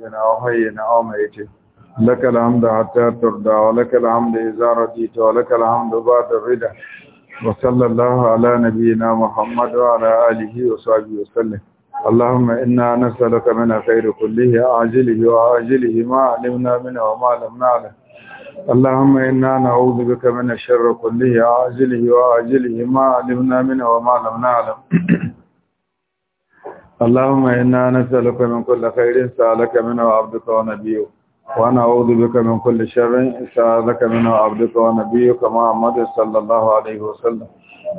نبينا وحينا وميتنا لك الحمد حتى ترضى ولك الحمد إذا رضيت ولك الحمد بعد الرضا وصلى الله على نبينا محمد وعلى آله وصحبه وسلم اللهم إنا نسألك من الخير كله عاجله وعاجله ما علمنا منه وما لم نعلم اللهم إنا نعوذ بك من الشر كله عاجله وعاجله ما علمنا منه وما لم نعلم اللهم إنا نسألك من كل خير سألك منه عبدك ونبيك ونعوذ بك من كل شر سألك منه عبدك ونبيك محمد صلى الله عليه وسلم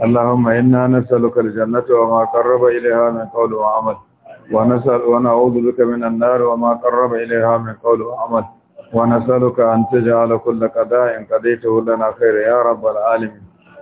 اللهم إنا نسألك الجنة وما قرب إليها من قول وعمل ونسأل ونعوذ بك من النار وما قرب إليها من قول وعمل ونسألك أن تجعل كل قضاء قضيته لنا خير يا رب العالمين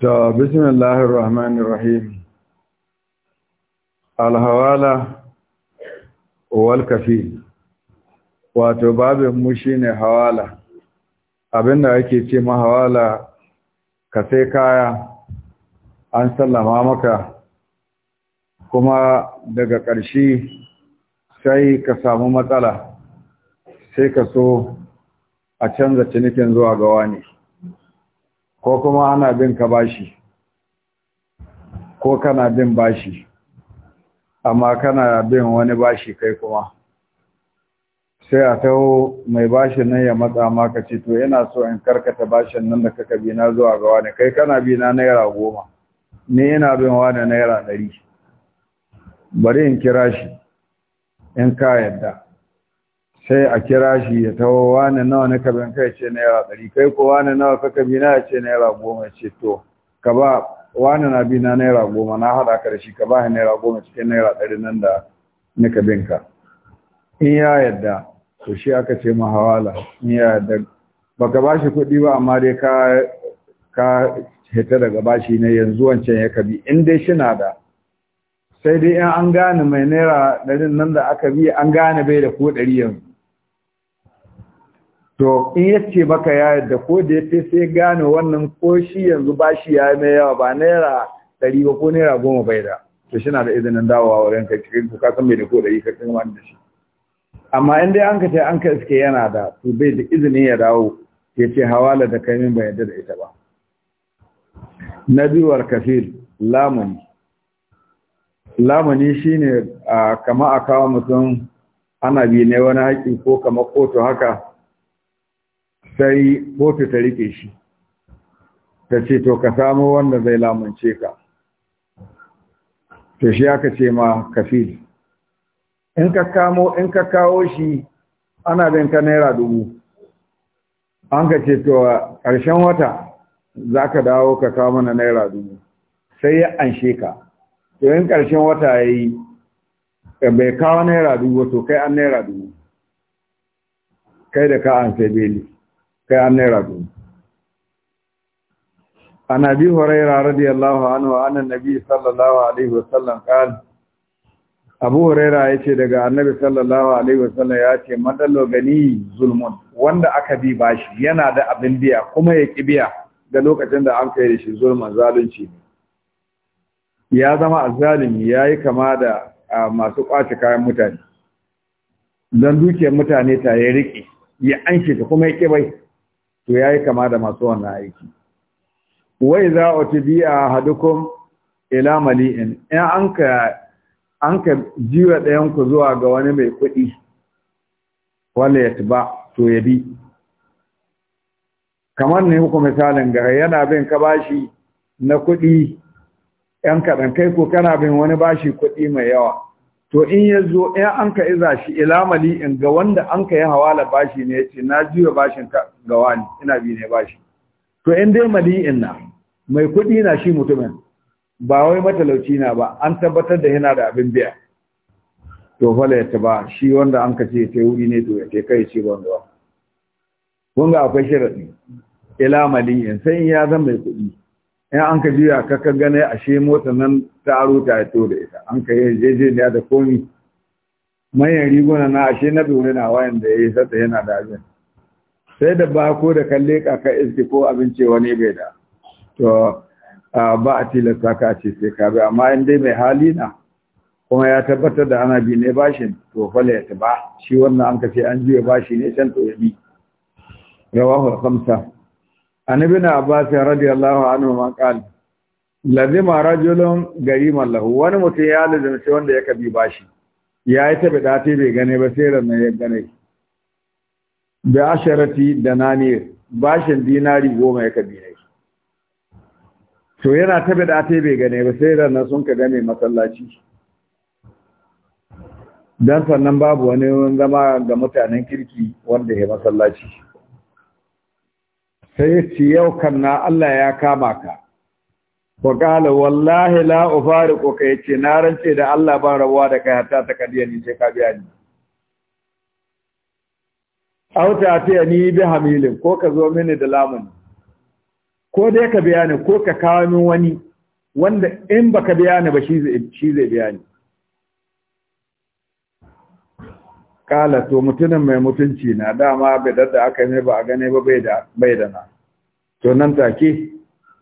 To, bismillahir rahmanir rahim. Alhawala wal kafil. Wato babin mu shine hawala. Abinda ake ce ma hawala ka sai kaya an sallama maka kuma daga ƙarshe sai ka samu matsala sai ka so a canza cinikin zuwa ga wani. ko kuma ana bin ka bashi ko kana bin bashi amma kana bin wani bashi kai kuma sai a taho mai bashi nan ya matsa maka ce to yana so in karkata bashin nan da kaka bina zuwa ga wani kai kana bina naira goma ni ina bin wani naira ɗari bari in kira shi in ka yadda sai a kira shi ya tawo wani nawa na kabin kai ce naira ɗari kai ko wani nawa ka kabi na ya ce naira goma ce to ka ba wani na bi na naira goma na haɗa ka da shi ka ba shi naira goma cikin naira ɗari nan da na kabin ka in ya yadda to shi aka ce ma hawala in ya yadda baka ba shi kuɗi ba amma dai ka ka hita daga bashi na, yanzu wancan ya kabi in dai shi na da sai dai in an gane mai naira ɗarin nan da aka bi an gane bai da ko ɗari yanzu to in ya ce maka ya yarda ko da ya ce sai gane wannan ko shi yanzu ba shi ya mai yawa ba naira ɗari ba ko naira goma bai da to shi na da izinin dawowa wurin ka cikin ku ka san bai da ko ɗari ka kan wani da shi amma in dai an ka ce an ka iske yana da to bai da izinin ya dawo ya ce hawala da kai min bai yadda da ita ba na kafir lamuni lamuni shine kama a kawo mutum ana bi ne wani haƙi ko kama kotu haka sai kotu ta rike shi ta ce to ka samo wanda zai lamunce ka to shi aka ce ma kafil in ka kamo in ka kawo shi ana bin ka naira dubu an ka ce to ƙarshen wata za ka dawo ka kawo mana naira dubu sai ya anshe ka to in ƙarshen wata ya yi eh, bai kawo naira dubu to kai an naira dubu kai da ka an sai beli kai an naira dubu an abi huraira radiyallahu anhu anan nabi sallallahu alaihi wasallam qal abu ya ce daga annabi sallallahu alaihi ya ce madallo gani zulmun wanda aka bi bashi yana da abin biya kuma ya ki biya ga lokacin da an kai shi zulmun zalunci ya zama a ya yi kama da masu kwaci kayan mutane Don duke mutane ta ya riƙe, ya anke ta kuma ya ki bai to ya yi kama da masu wannan aiki Wai za a idza utibiya a hadukun ilamali in anka ka jiwa ɗayanku zuwa ga wani mai kuɗi ya ba, to ya bi kamar ne muku misalin ga yana bin ka bashi na kuɗi ‘yan kaɗan kai ko kana bin wani bashi kuɗi mai yawa to in ya zo in an ka iza shi ilamali in ga wanda an ka yi hawala bashi ne ya ce na jiwa bashin ka ga wani ina bi ne bashi to in dai mali'in na mai kuɗi na shi mutumin ba wai matalauci na ba an tabbatar da yana da abin biya to fala ya taba shi wanda an ka ce ta wuri ne to ya ce kai ce ba ruwa kun ga akwai shirin ila mali'in sai in ya zama mai kuɗi in an ka juya ka ka gane shi mota nan ta aro ta to da ita an ka yarjejeniya da komi manyan riguna na a shi na dole na wayan da ya yi sata yana da abin sai da ba ko da kalle ka iske ko abinci wani bai da to ba a tilasta ka ce sai ka bi amma in dai mai hali na kuma ya tabbatar da ana bi ne bashin to fala ya ba shi wannan an ka ce an juya bashi ne can to ya bi rawahu khamsa an ابن abbas رضي الله عنه ما قال rajulun رجل lahu wani mutum ya لازم wanda ya يك bashi ya yi ايت بداتي بي bai gane ba sai ranar ya دنانير bi ديناري da يك bashin dinari goma ya kabi ne to yana ta bai gane ba sai dan sannan babu wani zama ga mutanen kirki wanda ya masallaci sai ya ce yau kan na Allah ya kama ka wa qala wallahi la ufariqu ka yace na rance da Allah ban rabuwa da kai hatta ta kadiya ni sai ka biya ni auta ta ni bi hamilin ko ka zo mini da lamun ko dai ka biya ni ko ka kawo min wani wanda in baka biya ni ba shi zai biya ni kala to mutumin mai mutunci na dama bai da aka yi ba a gane ba bai da na to nan take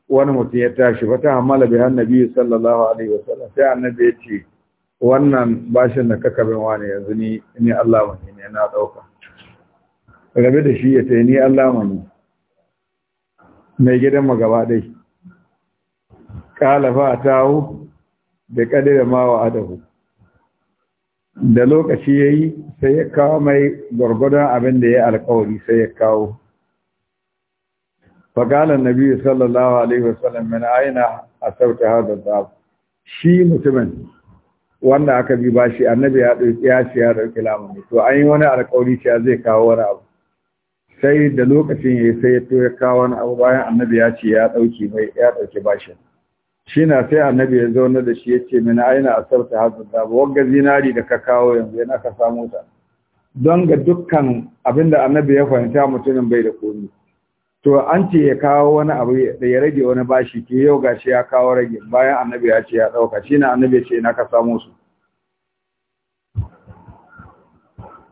wani mutum ya tashi wata hamala bi annabi sallallahu alaihi wasallam sai annabi ya ce wannan bashin da kaka bin wani yanzu ni ni Allah mani ne na dauka rabe da shi ya ce ni Allah mani mai gidan mu gaba dai kala fa tawo bai kadira ma wa adahu da lokaci ya yi sai ya kawo mai gwargwadon abin da ya alkawari sai ya kawo fagalan nabi sallallahu alaihi wasallam mana aina a sauta har da shi mutumin wanda aka bi bashi annabi ya dauki ya ce ya ɗauki lamuni to an yi wani alkawari ya zai kawo wani abu sai da lokacin ya yi sai ya to ya kawo wani abu bayan annabi ya ce ya ɗauki mai ya ɗauki bashin shi na sai annabi ya zauna da shi ya ce mina aina a sarta hazin da wanga zinari da ka kawo yanzu yana ka samu ta don ga dukkan abin da annabi ya fahimta mutumin bai da komi to an ce ya kawo wani abu da ya rage wani bashi ke yau gashi ya kawo rage bayan annabi ya ce ya ɗauka shi na annabi ya ce yana ka samu su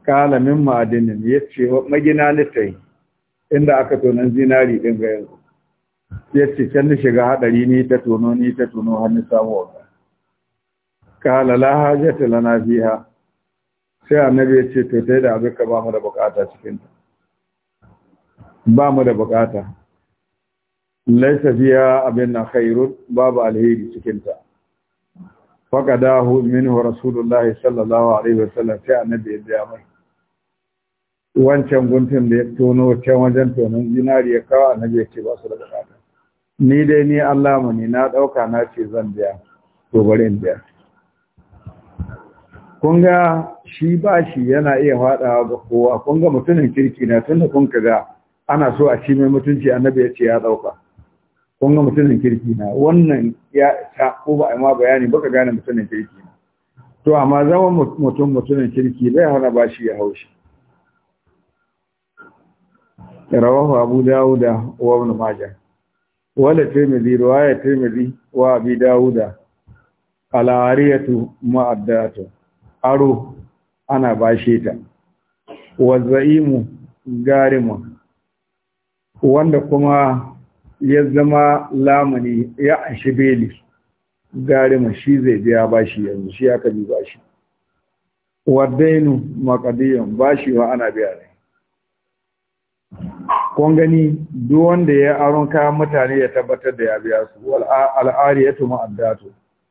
kala min ma'adinin ya ce magina littai inda aka tonan zinari ɗin ga yanzu ya ce can da shiga haɗari ni ta tono ni ta tono hannu samuwa Ka kala la hajjata lana ha. sai annabi ya ce to sai da abin ka ba mu da bukata cikin ta ba mu da bukata laisa fiya abin na khairun babu alheri cikin ta faqadahu minhu rasulullahi sallallahu alaihi wasallam sai annabi ya biya mai wancan guntun da ya tono can wajen tonon zinari ya kawo annabi ya ce ba su da bukata ni dai ni Allah mu ne na ɗauka na ce zan biya to bari in biya kun ga shi ba shi yana iya faɗawa ga kowa kun ga mutumin kirki na tun da ka ga ana so a ci mai mutunci annabi ya ce ya ɗauka kun ga mutumin kirki na wannan ya ta ko ba a ma bayani baka gane mutumin kirki na to amma zama mutum mutumin kirki bai hana ba shi ya haushi rawahu abu dawuda wa ibn majah wala tirmidhi riwaya tirmidhi wa abi dauda al'ariyatu ma'addatu aro ana bashe ta wa za'imu garima wanda kuma ya zama lamani ya anshi beli garima shi zai biya bashi yanzu shi aka bi bashi wadainu maqadiyan bashi wa ana biya ne kun gani duk wanda ya aron kayan mutane ya tabbatar da ya biya su wal al'ariyatu ma'addatu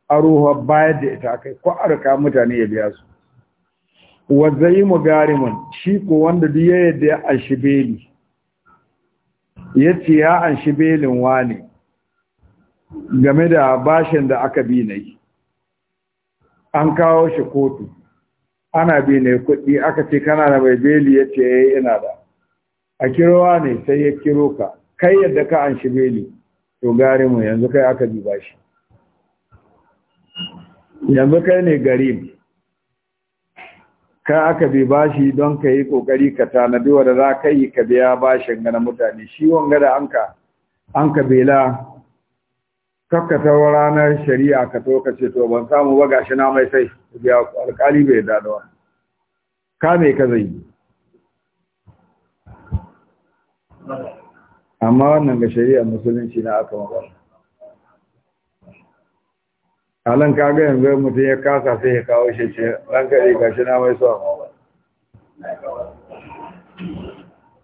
aruha bayar da ita kai ko arka mutane ya biya su wa mu garimun shi ko wanda duk ya yadda ya anshi beli yace ya anshi belin wane. game da bashin da aka bi an kawo shi kotu ana bi ne kuɗi aka ce kana da mai beli yace eh ina da a kirowa ne sai ya kiro ka kai yadda ka an shi beli to gari mu yanzu kai aka diba shi yanzu kai ne gari ka aka bi bashi don ka yi kokari ka tanadi da za ka yi ka biya bashin gana mutane shi wanga da anka ka bela kakkata ranar shari'a ka to ka ce to ban samu ba gashi na mai sai biya alƙali bai dadawa ka me ka zai yi amma wannan ga shari'a musulunci na aka magana alan kaga yanzu mutum ya kasa sai ya kawo shi ce kare ga shi na mai so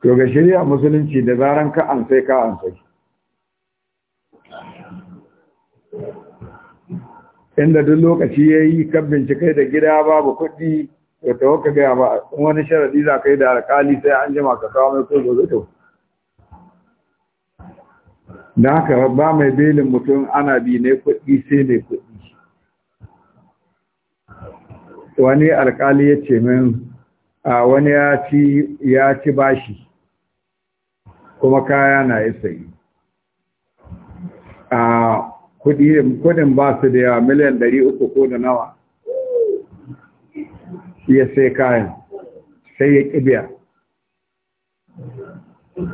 to ga shari'a musulunci da zaran ka an sai ka an sai inda duk lokaci ya yi kan bincike da gida babu kuɗi da tawaka gaya ba wani sharaɗi za ka yi da alƙali, sai an jima ka kawo mai ko zo da haka ba mai belin mutum ana bi ne kuɗi sai mai kuɗi wani alkali ya ce min a wani ya ci bashi kuma kaya na yi sayi a kudin ba su da yawa miliyan 300 ko da nawa ya sai kayan sai ya ƙibiya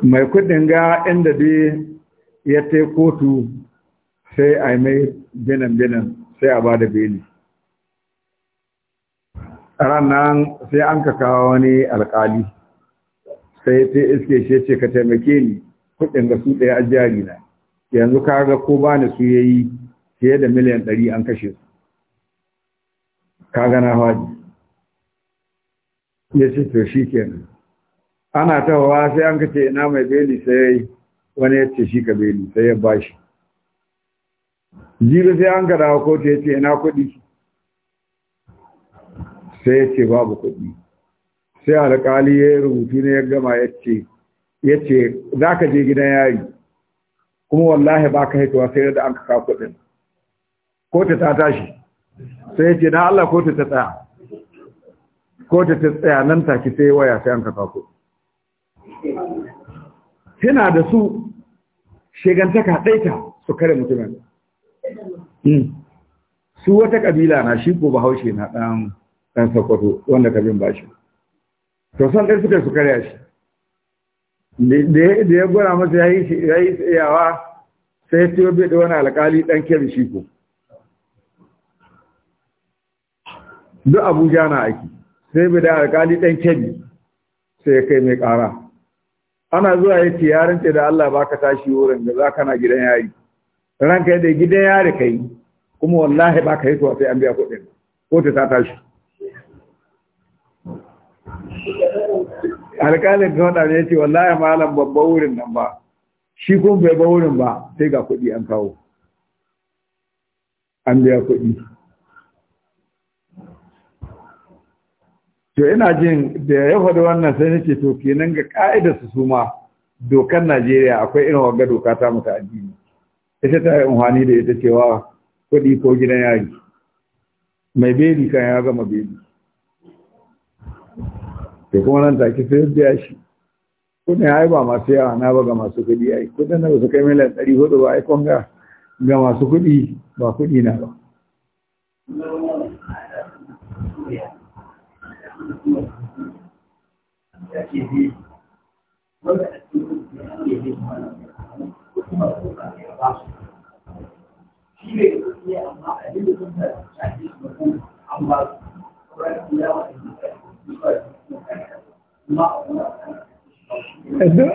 mai kudin ga inda dai ya ta kotu sai a mai binan-binan sai a ba da beli ranar sai an ka kawo wani alkali sai ta iske shi ce ka taimake ni kudin ga su ɗaya a jari na yanzu ka ga ko ba ni su yi fiye da miliyan ɗari an kashe su ka gana haji ya ce to shi kenan ana tawawa sai an ka ce ina mai beli sai wani ya ce shi ka kabelu sai ya shi. jibi sai an gada wa kotu ya ce ina kuɗi sai ya ce babu kuɗi sai alƙali ya yi rubutu ne ya gama ya ce ya ce za ka je gidan yari kuma wallahi ba ka haituwa sai da an ka kawo kuɗin kotu ta tashi sai ya ce na Allah kotu ta tsaya kotu ta tsaya nan take sai waya sai an ka kawo kuɗi tana da su shegantaka ɗaita su kare mutumin hmm. su wata kabila na shi ko bahaushe na ɗan ɗan sakwato wanda kabin ba shi to san dai suka su kare shi da ya gwada masa ya yi yawa sai ya tiyo bai da wani alƙali ɗan kebe shi ko duk abuja na aiki sai bai da alƙali ɗan kebe sai ya kai mai ƙara ana zuwa ya ce yarin da Allah ba ka tashi wurin da za kana gidan yari ranka yadda gidan yari kai kuma wallahi baka yi sai an biya kuɗin ko ta tashi alƙalin gwamna ne ce wallahi malam babba wurin nan ba shi kuma bai ba wurin ba sai ga kuɗi an kawo an biya kuɗi to ina jin da ya faɗi wannan sai nake to kenan ga ka'ida su suma dokar Najeriya akwai irin wagga doka ta mutu addini ita ta yi unhani da ita cewa kuɗi ko gidan yari mai beli kan ya gama beli to kuma nan take sai biya shi kudin ai ba masu yawa na ba ga masu kudi ai kudin da su kai miliyan ɗari hudu ba ai kun ga ga masu kudi ba kudi na ba duk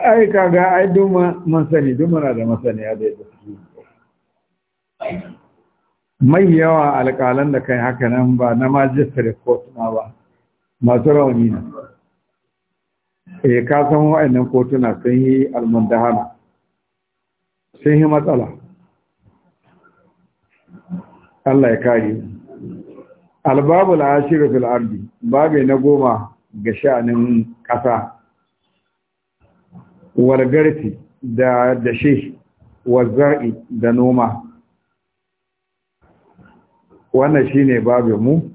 ai kaga ai duma masani da masani a mai yawa alƙalan da kai haka nan ba na majistare court ma ba masu rauni na eh ka san wa'annan kotuna sun yi almundahana sun yi matsala Allah ya kare albabu al'ashiru fil ardi babe na goma ga sha'anin ƙasa wargarti da dashe wazzai da noma wannan shine babe mu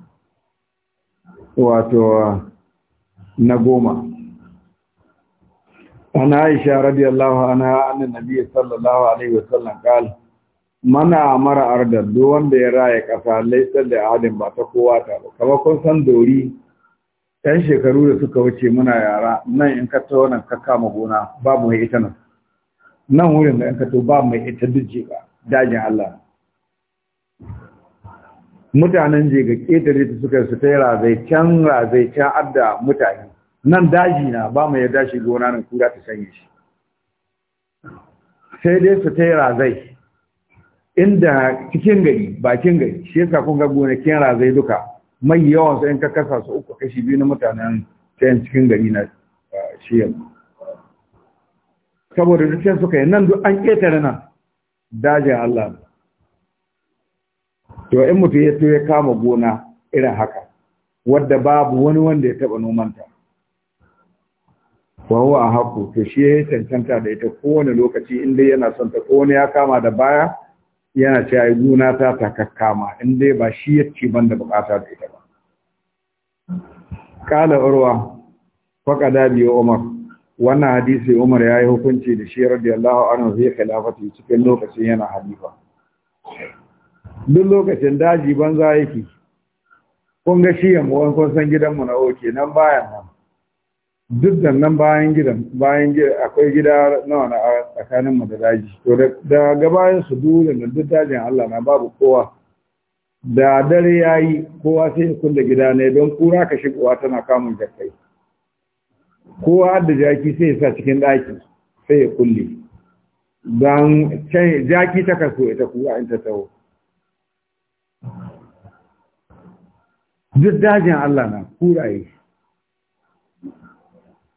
wato na goma عن عائشة رضي الله عنها أن النبي صلى الله عليه وسلم قال من أمر أرضا دون بيراي كفا ليس لعالم باتقواتا كما كن سندوري ɗan shekaru da suka wuce muna yara nan in ka to nan ka kama gona babu mai ita nan nan wurin da in ka to ba mai ita duk jika dajin Allah mutanen je ƙetare ta suka su ta yi razai can razai can adda mutane nan daji na ba mu yarda shi gona nan kura ta sanya shi sai dai su tai razai inda cikin gari bakin gari shi yasa kun ga gonakin razai duka mai yawan sai in ka kasa su uku kashi biyu na mutanen can cikin gari na shiyar saboda duk sai suka yi nan duk an ƙetare nan dajin Allah to in mutu ya ya kama gona irin haka wadda babu wani wanda ya taɓa nomanta wa huwa haku to shi ya cancanta da ita kowane lokaci in dai yana son ta kowane ya kama da baya yana ce ai guna ta ta kakkama in dai ba shi ya ci ban da bukata da ita ba kala urwa faqada bi umar wannan hadisi umar ya yi hukunci da shi radiyallahu anhu zai khilafati cikin lokacin yana halifa duk lokacin daji banza yake kun ga shi yamma kun san gidanmu na oke nan bayan nan duk da nan bayan gidan bayan akwai gida nawa na tsakanin da daji to da gabayan su dole na duk dajin Allah na babu kowa da dare ya yi kowa sai ya kulle gida ne don kura ka shigowa tana kamun jakai kowa da jaki sai ya sa cikin daki sai ya kulle don jaki ta kaso ita kowa in ta taho duk dajin Allah na kura yi.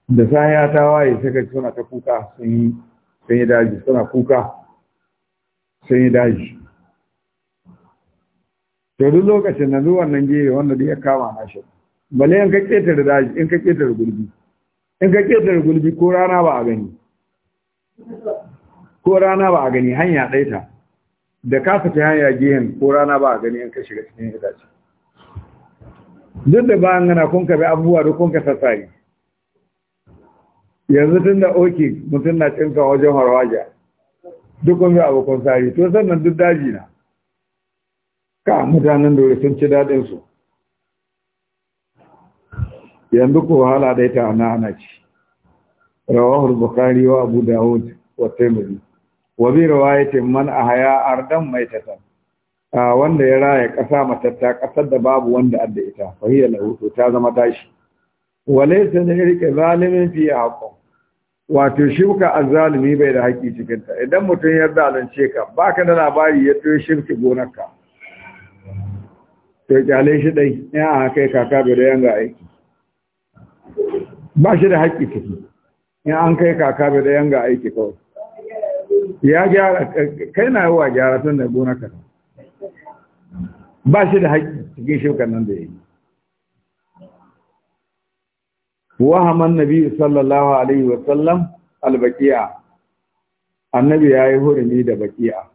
da sahiya ta waye suka ka suna ta kuka sun yi sun yi daji suna kuka sun yi daji to duk lokacin na zuwan nan gehe wanda duk ya kama na shi bale in ka ketare daji in ka ketare gulbi in ka ketare gulbi ko rana ba a gani ko rana ba a gani hanya ɗaya ta da ka fita hanya gehen ko rana ba a gani in ka shiga cikin itace duk da bayan gana kun ka bi abubuwa da kun ka sassari yanzu tun da oke mutum na cinka wajen harwaja duk wani abokan sari to sannan duk daji na ka mutanen da sun ci daɗinsu yanzu ko wahala dai ta ana ana ci rawahul bukhari wa abu dawud wa taimuri wa bi riwayatin man ahya ardan maitatan a wanda ya raya ƙasa matatta ƙasar da babu wanda adda ita fahiyar na hutu ta zama tashi wa laysa lirqi zalimin a haqqin wato shirka azzalumi bai da haƙƙi cikinta idan mutum ya zalunce ka baka da labari ya toye shirki gonarka to kyale shi dai in a kai kaka bai da yanga aiki ba shi da haƙi ciki in an kai kaka bai da yanga aiki kawai ya gyara kai na yawa gyara tun da gonarka ba shi da haƙi cikin shirkan nan da ya yi wahaman nabi sallallahu alaihi wa sallam albaqiya annabi yayi hurumi da baqiya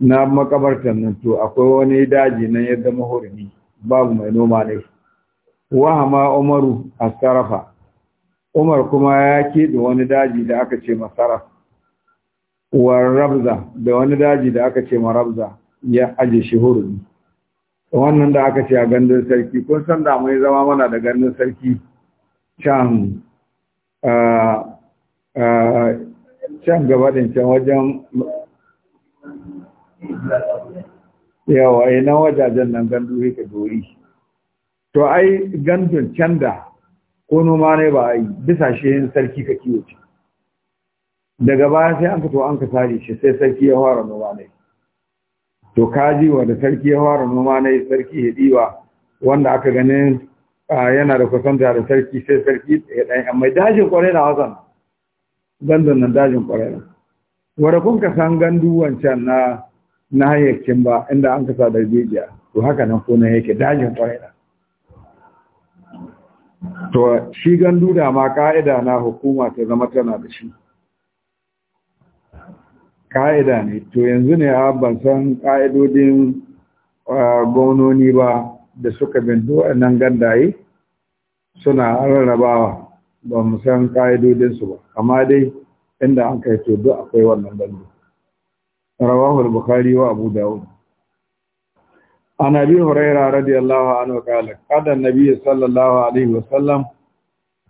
na makabartan nan to akwai wani daji nan yadda mahurumi babu mai noma ne wahama umaru asarafa umar kuma ya da wani daji da aka ce masaraf war rabza da wani daji da aka ce marabza ya aje shi hurumi wannan da aka ce a gandun sarki kun san da mai zama mana da gandun sarki can uh, uh, can gaba din can wajen yawa ina eh, wajajen nan gandu yake dori to ai gandun can da ko noma ne ba a yi bisa shi yin sarki ka kiwo ce daga baya sai an fito an ka sari shi sai sarki ya fara noma ne to kaji wanda sarki ya fara noma ne sarki ya diwa wanda aka ganin yana da kusanta da sarki sai sarki ya ɗaya yan mai dajin ƙwarai na wasan gandun nan dajin ƙwarai na wadda kun ka san gandu wancan na na hayyakin ba inda an kasa da rijiya to haka nan ko na yake dajin ƙwarai na to shi gandu da ma ka'ida na hukuma ta zama tana da shi ka'ida ne to yanzu ne a ban san ka'idodin gwamnoni ba da suka bindu nan gandaye suna rarrabawa ba mu san ƙa'idodinsu ba amma dai inda an kai to duk akwai wannan gandu rawahu al-bukhari wa abu dawud an abi hurayra radiyallahu anhu qala qala an sallallahu alaihi wa sallam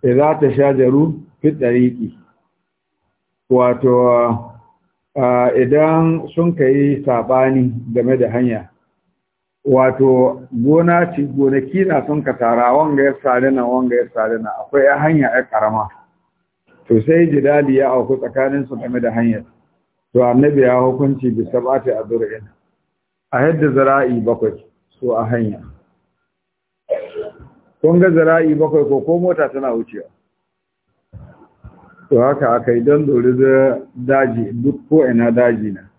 idza tashajaru fi tariqi wato idan sun kai sabani game da hanya wato gona ci gonaki na sun ka tara wanga ya sare na wanga ya sare na akwai ya hanya ya karama to sai jidali ya auku tsakanin su game da hanyar to annabi ya hukunci bi sab'ati adur'in a yadda zara'i bakwai so a hanya kun ga zara'i bakwai ko ko mota tana wucewa to haka aka yi don dori da daji duk ko ina daji na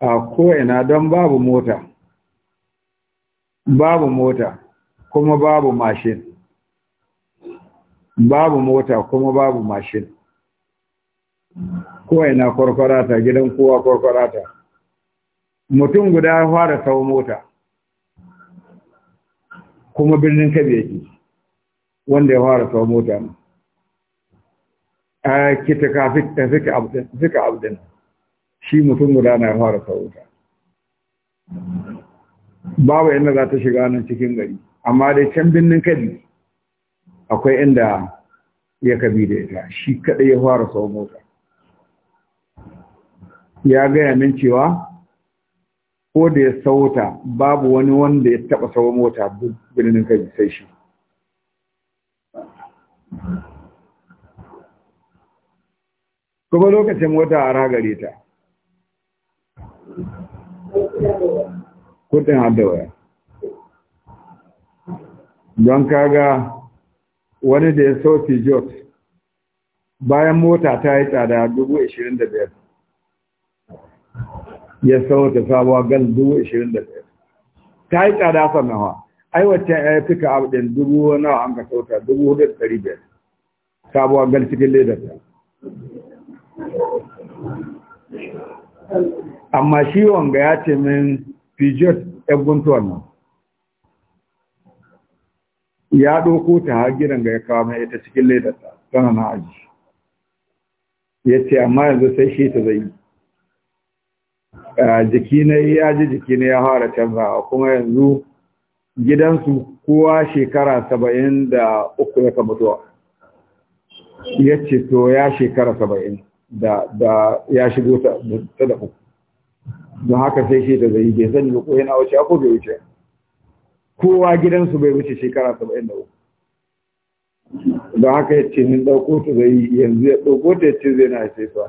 a ko ina don babu mota babu mota kuma babu mashin babu mota kuma babu mashin kowai na kwarkwarata gidan kowa kwarkwarata mutum guda ya fara sau mota kuma birnin kabe yake wanda ya fara sau mota ne a ta fika abdin shi mutum guda na ya fara sau mota babu inda za ta shiga nan cikin gari amma dai can birnin kadi akwai inda ya kabi da ita shi kaɗai ya fara sau mota ya gaya min cewa ko da ya sauta babu wani wanda ya taɓa sau mota birnin kadi sai shi kuma lokacin wata a gare ta kudin hada waya don kaga wani da ya sauti jot bayan mota ta yi tsada dubu ashirin da biyar ya sauta sabuwa gan dubu ashirin da biyar ta yi tsada sannawa aiwacin ya fi ka abu ɗin dubu nawa an ka sauta dubu hudu da ɗari biyar sabuwa gan cikin ledar ta amma shi wanga ya ce min fijet ɗan guntuwar nan ya ɗauko ta har gidan ga ya kawo mai ita cikin ledarsa tana na aji ya ce amma yanzu sai shi ta zai ah, jiki na ya ji jiki na ya fara canzawa kuma yanzu gidansu kowa shekara saba'in da uku ya ka mutuwa ya ce to ya shekara saba'in da ya shigo ta da uku don haka sai shi da zai bai sani ba ko yana wuce ko bai wuce kowa gidansu bai wuce shekara saba'in da uku don haka ya ce min ɗauko ta zai yanzu ya ɗauko ta ya ce zai na ce su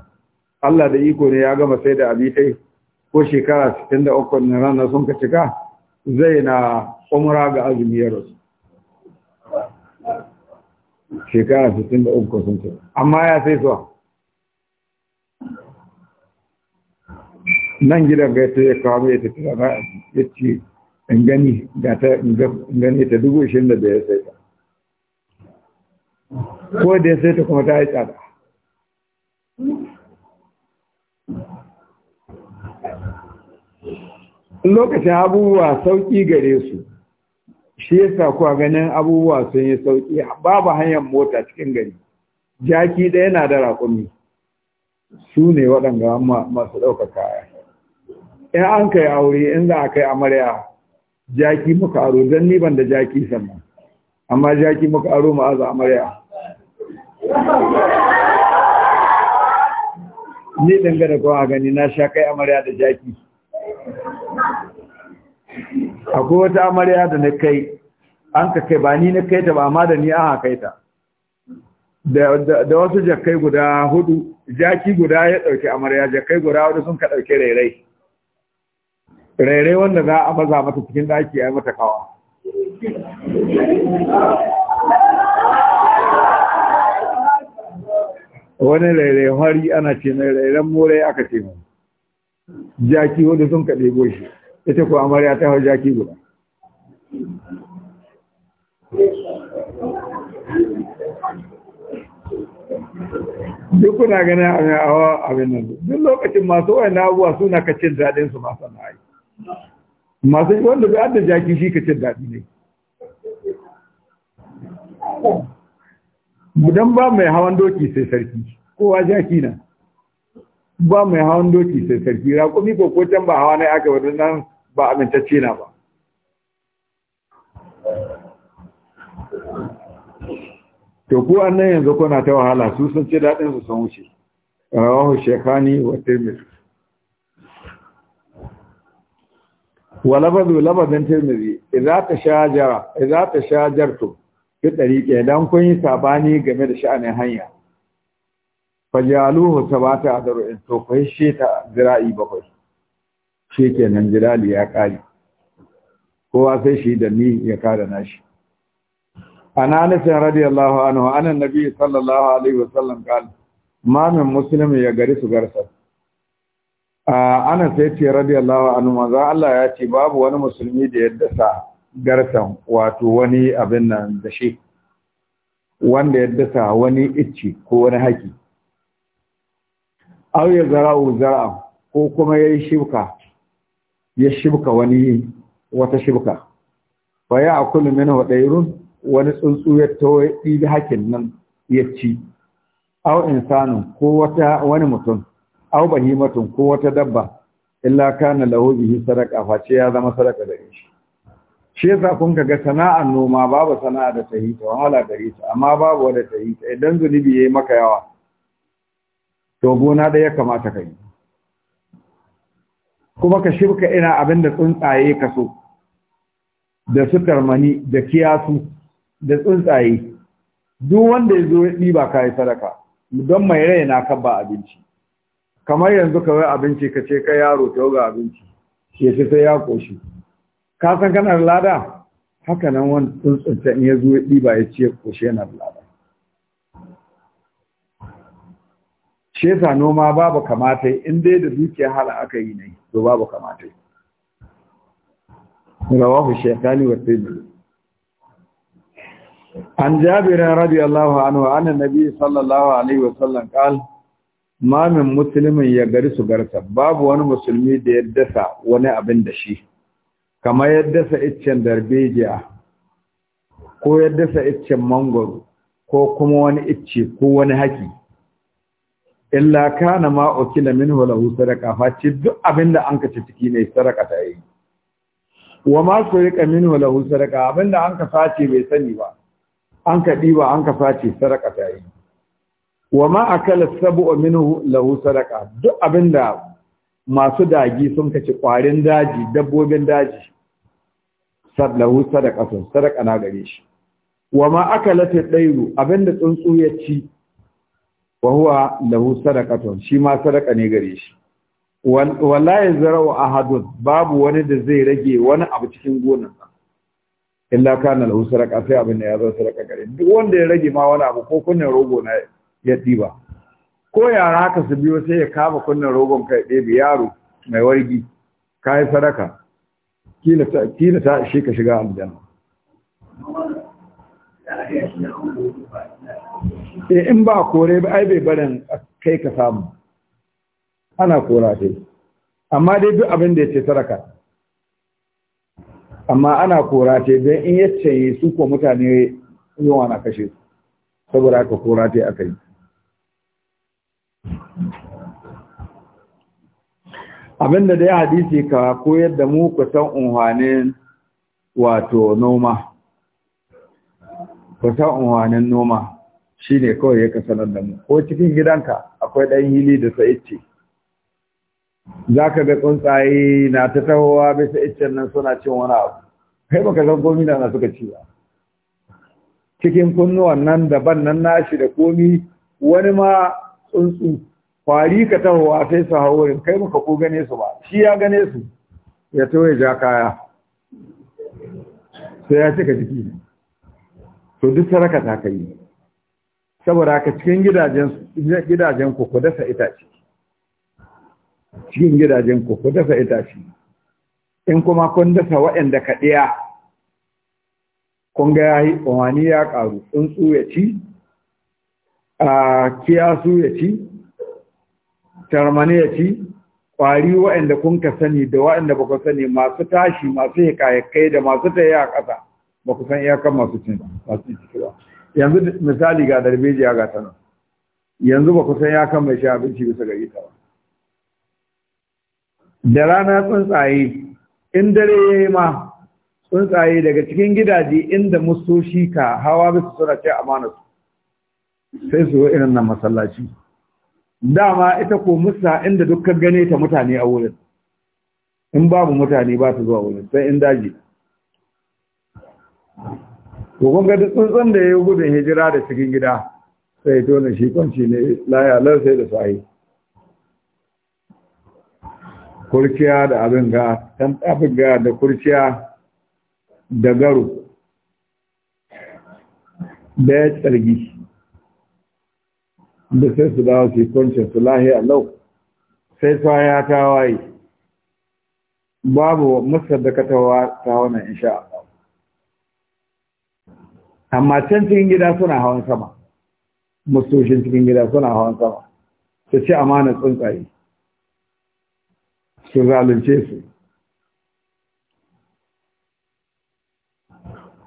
Allah da iko ne ya gama sai da abitai ko shekara sittin da uku na ranar sun ka cika zai na umra ga azumi ya rasu shekara sittin da uku sun ce amma ya sai su nan gidan ga ta ya kawo ya ta tara na ya ce in gani ga ta in gani ta dubu ishirin da biyar sai ta ko da ya sai ta kuma ta yi tsada lokacin abubuwa sauƙi gare su shi sa kuwa ganin abubuwa sun yi sauƙi babu hanyar mota cikin gari jaki ɗaya na da raƙumi su ne waɗanda masu ɗaukar kaya in an kai aure in za a kai amarya jaki muka aro don ni ban da jaki sannan amma jaki muka aro ma'aza amarya ni danga da a gani na sha kai amarya da jaki akwai wata amarya da na kai an ka kai ba ni na kai ta ba amma da ni an kai ta da wasu jakai guda hudu jaki guda ya ɗauki amarya jakai guda hudu sun ka dauki rairai rere wanda za a baza mata cikin daki a yi mata kawa wani rere hari ana ce na reren more aka ce mai jaki wadda sun kaɗe goshi ita ko amarya ta hau jaki guda duk kuna ganin abin nan duk lokacin masu wayan abubuwa suna kacin daɗinsu masu na'ayi masu wanda bai adda jaki shi ka daɗi ne budan ba mai hawan doki sai sarki kowa jaki na ba mai hawan doki sai sarki raƙumi ko ko can ba hawa na aka wadda nan ba amintacce na ba to ku annan yanzu kuna ta wahala su sun ce daɗin su sun wuce rawahu shekhani wa tirmidhi wa labadu labadin tirmidhi idza tashajara idza tashajartu fi tariqi idan kun yi sabani game da sha'anin hanya fajaluhu sabata adaru in to kai shi ta zira'i bakwai shi kenan jirali ya kare kowa sai shi da ni ya kare nashi an anas radiyallahu anhu anan nabi sallallahu alaihi wasallam qala ma min muslimin ya gari su garsa ana sai ce radiyallahu anhu maza Allah ya ce babu wani musulmi da yadda sa garsan wato wani abin nan da shi wanda ya dasa wani icci ko wani haki aw ya zara'u zara'a ko kuma yayi shibka ya shibka wani wata shibka fa ya akulu minhu dairun wani tsuntsu ya tawai ɗibi hakin nan ya ci aw insanu ko wata wani mutum aw bahimatun ko wata dabba illa kana lahu bihi sadaqa fa ce ya zama sadaqa da shi shi yasa kun ga sana'ar noma babu sana'a da ta hita wahala gare ta amma babu wanda ta hita idan zunubi yayi maka yawa to gona da ya kamata ka kuma ka shirka ina abin da tsuntsaye ka so da su karmani da kiyasu da tsuntsaye duk wanda ya zo ya ɗiba ka yi sadaka don mai rai na kabba abinci kamar yanzu ka wai abinci ka ce ka yaro ta ga abinci ya ce sai ya koshi ka san kana da lada haka nan wani tsuntsunta in ya zo ya ɗiba ya ce koshi yana da lada shi yasa noma babu kamata in dai da dukiya hala aka yi ne to babu kamata rawahu shaykhani wa tirmidhi an jabir radiyallahu anhu anna nabi sallallahu alaihi wasallam qala mamin musulmin ya gari su garsa babu wani musulmi da ya dasa wani abin da shi kamar ya dasa iccen darbejiya ko ya dasa iccen mangoro ko kuma wani icce ko wani haki illa kana ma ukila min lahu sadaqa fa ci duk da an kace ciki ne sadaqa ta yi wa ma suriqa minhu lahu sadaqa da an ka sace bai sani ba an ka diba an ka sace sadaqa ta yi wa ma akala sab'u minhu lahu sadaqa duk abinda masu dagi sun kaci kwarin daji dabbobin daji sallahu sadaqatun sadaqa na gare shi wa ma akala ad abinda tsuntsu ya ci wa huwa lahu sadaqatun shi ma sadaqa ne gare shi wala yazra'u ahadun babu wani da zai rage wani abu cikin gonarsa illa kana lahu sadaqa sai abin da ya zo sadaqa gare duk wanda ya rage ma wani abu ko kunnen rogo na ya ɗiba ko yara haka su biyo sai ya kama kunnen rogon kai ɗebe yaro mai wargi ka yi sadaka kila ta ishe ka shiga aljanna e in ba kore ba ai bai barin kai ka samu ana kora dai amma dai duk abin da ya ce sadaka amma ana kora ce don in yi su ko mutane yawa na kashe su saboda aka kora ce aka yi abinda dai hadisi ka koyar da mu ku san unwanin wato noma ku san noma shine kawai ya kasanar da mu ko cikin gidanka akwai ɗan hili da sai za ka ga tsuntsaye na ta tahowa bisa iccen nan suna cin wani abu kai baka san komi na suka ci ba cikin kunnuwan nan daban nan nashi da komi wani ma tsuntsu kwari ka tahowa sai su hau wurin kai muka ko gane su ba shi ya gane su ya to ya ja kaya sai ya cika jiki to duk saraka ta kai saboda ka cikin gidajen gidajen ku ku dasa itace cikin gidajen ku ku dasa itace in kuma kun dasa waɗanda ka daya kun ga yayi yi ya ƙaru tsuntsu ya ci a kiyasu ya ci tarmaneti ƙwari waɗanda kun ka sani da waɗanda ba ku sani masu tashi masu hikayakai da masu taya a ƙasa ba ku san kan masu cin masu ciki ba yanzu misali ga darbejiya ga tana yanzu ba ku san iyakan mai sha abinci bisa gari ta ba da rana tsuntsaye in dare ya yi ma tsuntsaye daga cikin gidaje inda musoshi ka hawa bisa suna ce amana su sai su irin nan masallaci dama ita ko musa inda dukkan gane ta mutane a wurin in babu mutane ba su zuwa wurin sai in daji to kun ga tsuntsun da ya yi gudun hijira da cikin gida sai tona shi kwanci ne lar sai da sahi kurciya da abin ga ɗan ɗafin ga da kurciya da garo da tsargi da sai su dawo su kwanciyar su lahiya lau sai fa ya waye. babu da katawa ta wannan insha Allah amma can cikin gida suna hawan sama mustoshin cikin gida suna hawan sama su ci amana tsuntsaye su zalunce su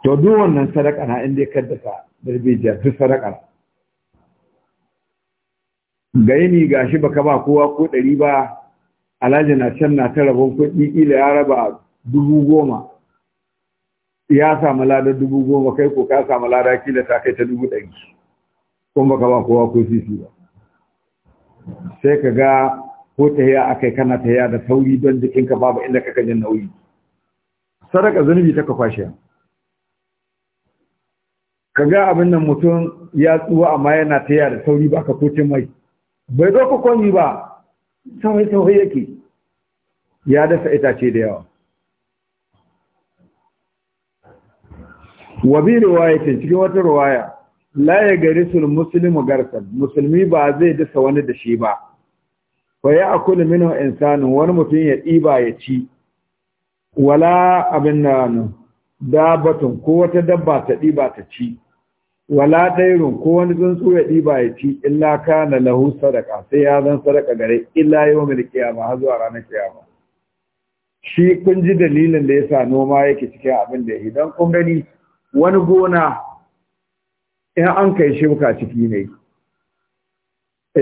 to duk wannan sadaka na inda ya kaddasa darbejiya duk sadaka ga yini gashi baka ba kowa ko ɗari ba alhaji na can na ta rabon kuɗi ila ya raba dubu goma ya samu lada dubu goma kai ko ka samu lada kila ta kai ta dubu ɗari kuma baka ba kowa ko sisi ba sai ka ga ko ta a akai kana ta yi da sauri don jikinka babu inda kaka kajin nauyi sadaka zunubi ta ka kwashe ka ga abin nan mutum ya tsuwa amma yana ta yi da sauri baka ka cin mai bai zo ku komi ba sauye sauye yake ya dasa itace da yawa wa bi riwayatin cikin wata riwaya la ya sul muslimu garsan musulmi ba zai dasa wani da shi ba fa ya akulu minhu insanu wani mutum ya ɗiba ya ci wala abin nan dabatun ko wata dabba ta ɗiba ta ci wala dairun ko wani tsuntsu ya ɗiba ya ci illa kana lahu sadaka sai ya zan sadaka gare illa yau mai ba har zuwa ranar kiyama shi kun ji dalilin da ya sa noma yake cikin abin da ya yi don kun gani wani gona in an kai muka ciki ne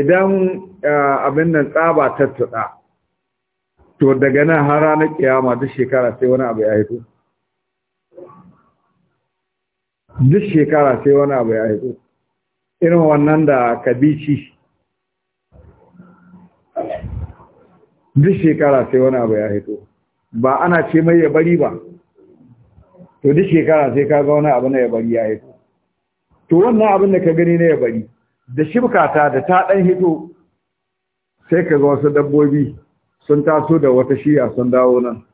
idan abin nan tsaba tattuɗa to daga nan har ranar kiyama duk shekara sai wani abu ya haifu duk shekara sai wani abu ya haiku irin wannan da kabici duk shekara sai wani abu ya haiku ba ana ce mai ya bari ba to duk shekara sai ka ga wani abu na ya bari ya haiku to wannan abin da ka gani na ya bari da shibkata da ta ɗan hito sai ka ga wasu dabbobi sun taso da wata shiya sun dawo nan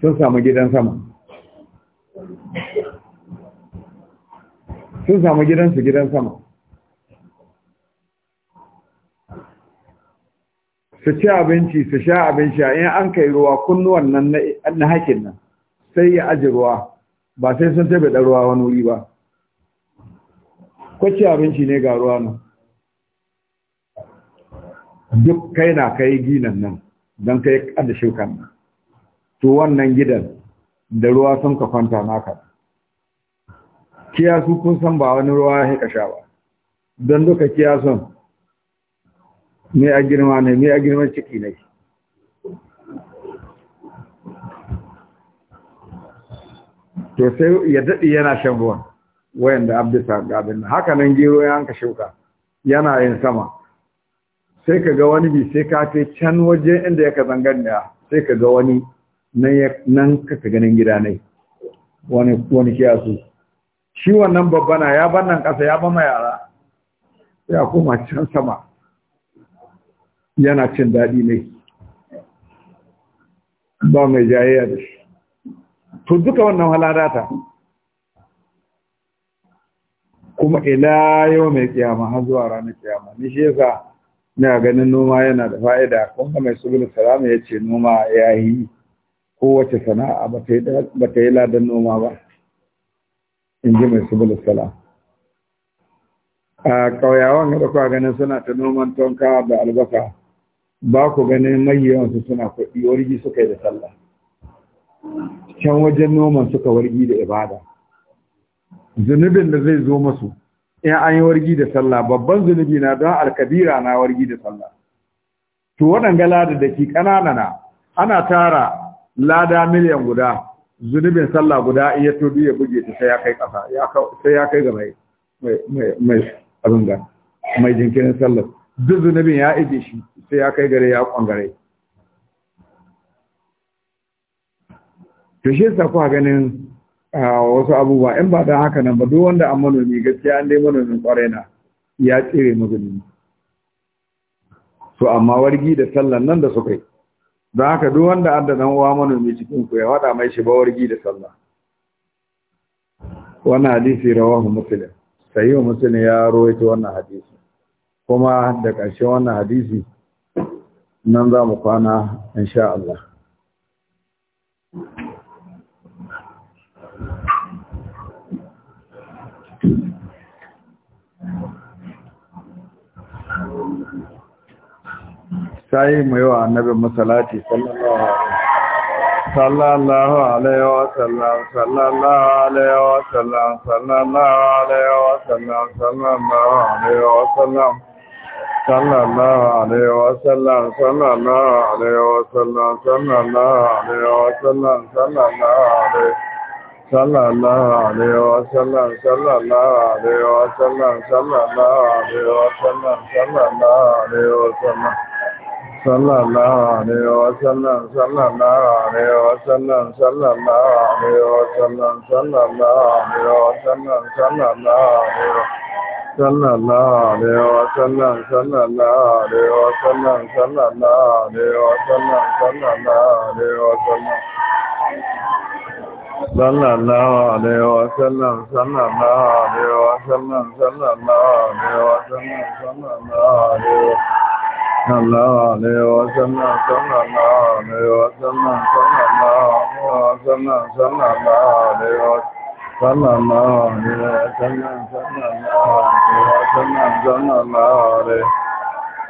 sun samu gidan sama sun samu gidansu gidan sama su ci abinci su sha abin sha in an kai ruwa kunnuwan nan na hakin nan sai ya aji ruwa ba sai sun tabi da ruwa wani wuri ba ci abinci ne ga ruwa nan duk kai na kai ginan nan don kai kada shukan nan to wannan gidan da ruwa sun ka kwanta naka kiya kiyasu kun san ba wani ruwa ya sha ba don duka kiyasun mai a girma ne mai a girman ciki ne to sai ya daɗi yana shan ruwan wayan da abdisa gabin haka nan gero ya hanka shuka yana yin sama sai ka ga wani bi sai ka kai can waje inda ya ka da sai ka ga wani nan ka ganin gida ne wani kiyasu shi wannan babbana ya nan ƙasa ya bama yara ya koma can sama yana cin daɗi ne ba mai jayayya da shi to duka wannan haladata kuma ila yau mai kiyama har zuwa ranar kiyama ni shi yasa ina ganin noma yana da fa'ida kuma mai subul salama ya ce noma ya yi kowace sana'a ba ta yi ladan noma ba in ji mai subul sala a ƙauyawan da kuwa ganin suna ta noman tonka da albasa ba ku ganin su suna kuɗi wargi suka yi da sallah can wajen noman suka wargi da ibada zunubin da zai zo masu in an yi wargi da sallah babban zunubi na don alkabira na wargi da sallah to waɗanga lada da ke ƙanana ana tara lada miliyan guda zunubin sallah guda in ya tobi ya buge ta sai ya kai ƙasa sai ya kai ga mai mai abin ga mai jinkirin sallah. duk zunubin ya ije shi sai ya kai gare ya kwangare to shi yasa kuwa ganin wasu abubuwa in ba da haka nan ba duk wanda an manomi gaskiya an dai manomin kwarai na ya tsere mazuni to amma wargi da sallan nan da suka yi don haka duk wanda da dan uwa manomi cikin ku ya wada mai shi bawargi da sallah wannan hadisi rawahu muslim sahihu muslim ya rawaito wannan hadisi kuma da ƙarshe wannan hadisi nan za mu kwana insha Allah sai mu yawa annabi masalati sallallahu na alaihi wa sallam sallallahu alaihi wa sallallahu alaihi wa sallallahu alaihi wa sallallahu alaihi wa sallallahu alaihi wa sallallahu alaihi wa sallallahu alaihi صلى الله عليه وسلم صلى الله عليه وسلم صلى الله ဆလလာနေဝဆလံဆလလာနေဝဆလံဆလလာနေဝဆလံဆလလာနေဝဆလံဆလလာနေဝဆလလာနေဝဆလံဆလလာနေဝဆလံဆလလာနေဝဆလံဆလလာနေဝဆလံသန္နနာဒေဝသန္နသန္နနာဒေဝသန္နသန္နနာဒေဝသန္နသန္နနာဒေဝသမ္မာနေယောသမ္မာသမ္မာနေယောသမ္မာသမ္မာမောသမ္မာသမ္မာနေယောသမ္မာမောနေယောသမ္မာသမ္မာနေယောသမ္မာသမ္မာနေ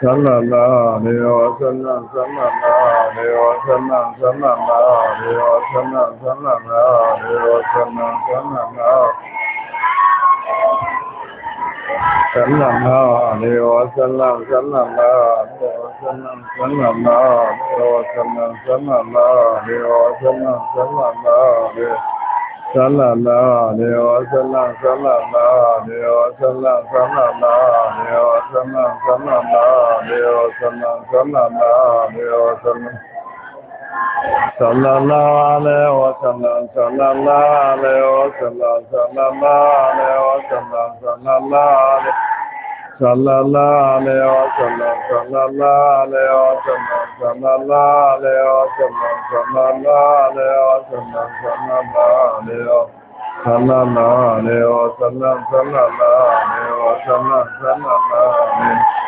သမ္မာနာနေယောသမ္မာသမ္မာနေယောသမ္မာသမ္မာနေယောသမ္မာသမ္မာနေယောသမ္မာသမ္မာ sallallahu alaihi wa sallam sallallahu alaihi wa sallam sallallahu alaihi wa sallam sallallahu alaihi wa sallam sallallahu alaihi sallallahu alaihi wa sallam sallallahu alaihi wa sallam sallallahu alaihi wa sallam sallallahu alaihi wa sallam sallallahu alaihi صلى الله, الله عليه وسلم صلى الله عليه وسلم صلى الله عليه وسلم صلى الله عليه صلى الله عليه وسلم صلى الله عليه وسلم صلى الله عليه وسلم صلى الله عليه وسلم صلى الله عليه وسلم صلى الله عليه وسلم صلى الله عليه وسلم صلى الله عليه وسلم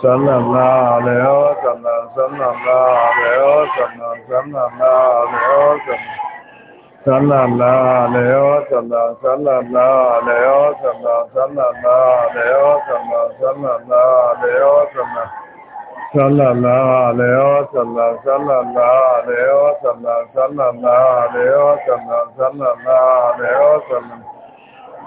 sallam la alayhi wa sallam sallam la alayhi wa sallam sallam la alayhi wa sallam sallam la alayhi wa sallam sallam la alayhi wa sallam sallam la alayhi wa sallam sallam la alayhi wa sallam sallam la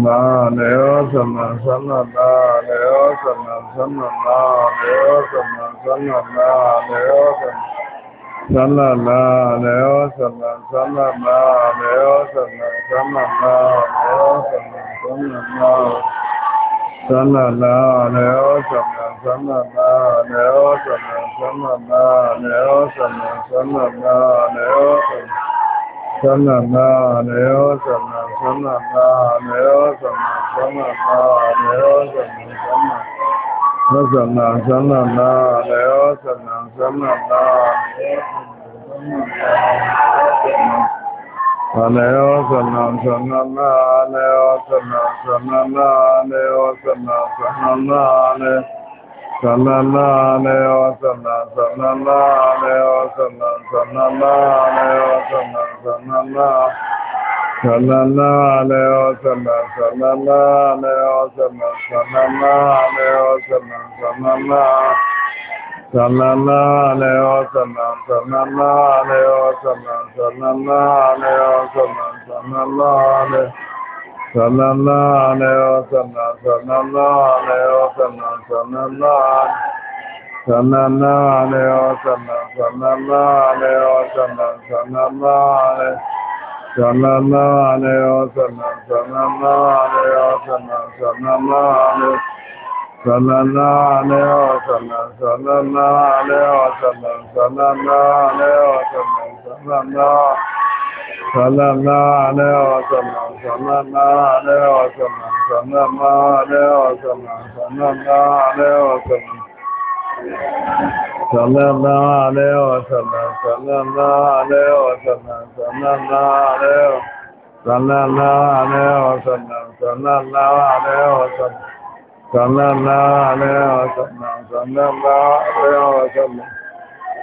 သာနယောသမံသမတာနယောသမံသမတာနယောသမံသမတာနယောသမံသမတာနယောသမံသမတာနယောသမံသမတာနယောသမံသမတာသမနာနယောသမံသမနာနယောသမံသမနာနယောသမံသမနာနယောသမံ sallallahu alaihi wasallam na alaihi wasallam sallallahu alaihi wasallam sallallahu alaihi wasallam sallallahu သမ္မာနာမေယောသမ္မာသမ္မာနာမေယောသမ္မာသမ္မာနာမေယောသမ္မာသမ္မာနာသမ္မာနာမေယောသမ္မာသမ္မာနာမေယောသမ္မာသမ္မာနာမေယောသမ္မာသမ္မာနာသမ္မာနာမေယောသမ္မာသမ္မာနာမေယောသမ္မာသမ္မာနာမေယောသမ္မာသမ္မာနာသမ္မာနေယောသမ္မာသမ္မာနေယောသမ္မာသမ္မာသမ္မာနေယောသမ္မာသမ္မာနေယောသမ္မာသမ္မာနေသမ္မာနေယောသမ္မာသမ္မာနေယောသမ္မာသမ္မာနေသမ္မာနေယောသမ္မာသမ္မာနေယောသမ္မာသမ္မာနေယောသမ္မာသမ္မာသမ္မာနေဝသမ္မာသမ္မာနေဝသမ္မာသမ္မာနေဝသမ္မာသမ္မာနေဝသမ္မာသမ္မာနေဝသမ္မာသမ္မာနေဝသမ္မာသမ္မာနေဝသမ္မာနေဝသမ္မာသမ္မာနေဝသမ္မာသမ္မာနေဝသမ္မာသမ္မာနေဝသမ္မာ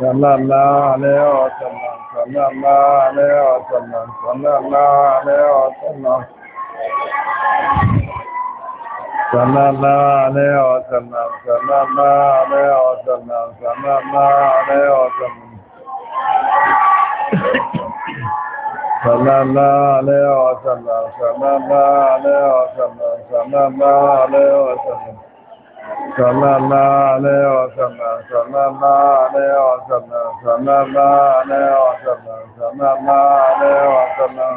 သမ္မာလာလေဟောသမ္မာသမ္မာလေဟောသမ္မာသမ္မာလေဟောသမ္မာသမ္မာလာလေဟောသမ္မာသမ္မာလေဟောသမ္မာသမ္မာလေဟောသမ္မာသမ္မာလာလေဟောသမ္မာသမ္မာလေဟောသမ္မာသမ္မာလေဟောသမ္မာသမ္မာနာနေယောသမ္မာသမ္မာနာနေယောသမ္မာသမ္မာနာနေယောသမ္မာသမ္မာနာနေယောသမ္မာ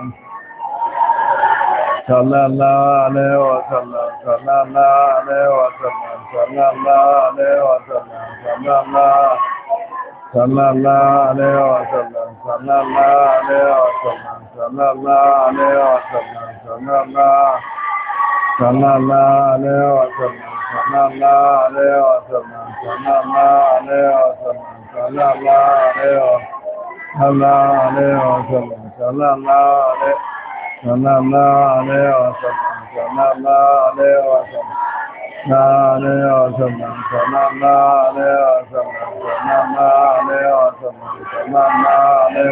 သမ္မာနာနေယောသမ္မာသမ္မာနာနေယောသမ္မာသမ္မာနာနေယောသမ္မာသမ္မာနာသမ္မာနာနေယောသမ္မာသမ္မာနာနေယောသမ္မာသမ္မာနာနေယောသမ္မာသမ္မာနာသမ္မာမာနေဝသမ္မာသမ္မာမာနေဝသမ္မာသမ္မာမာနေဝသမ္မာသမ္မာမာနေဝသမ္မာနေဝသမ္မာသမ္မာမာနေသမ္မာမာနေဝသမ္မာသမ္မာမာနေဝသမ္မာနေဝသမ္မာသမ္မာမာနေဝသမ္မာသမ္မာမာနေဝသမ္မာသမ္မာမာနေဝ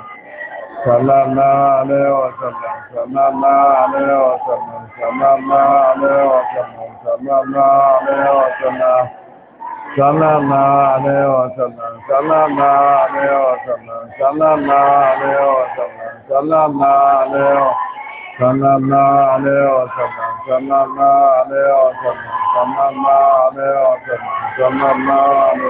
ဆလလာလေဝဆလံဆလလာလေဝဆလံဆလလာလေဝဆလံဆလလာလေဝဆလံဆလလာလေဝဆလံဆလလာလေဝဆလံဆလလာလေဝဆလံဆလလာလေဝဆလလာလေဝဆလံဆလလာလေဝဆလံဆလလာလေဝဆလံဆလလာလေ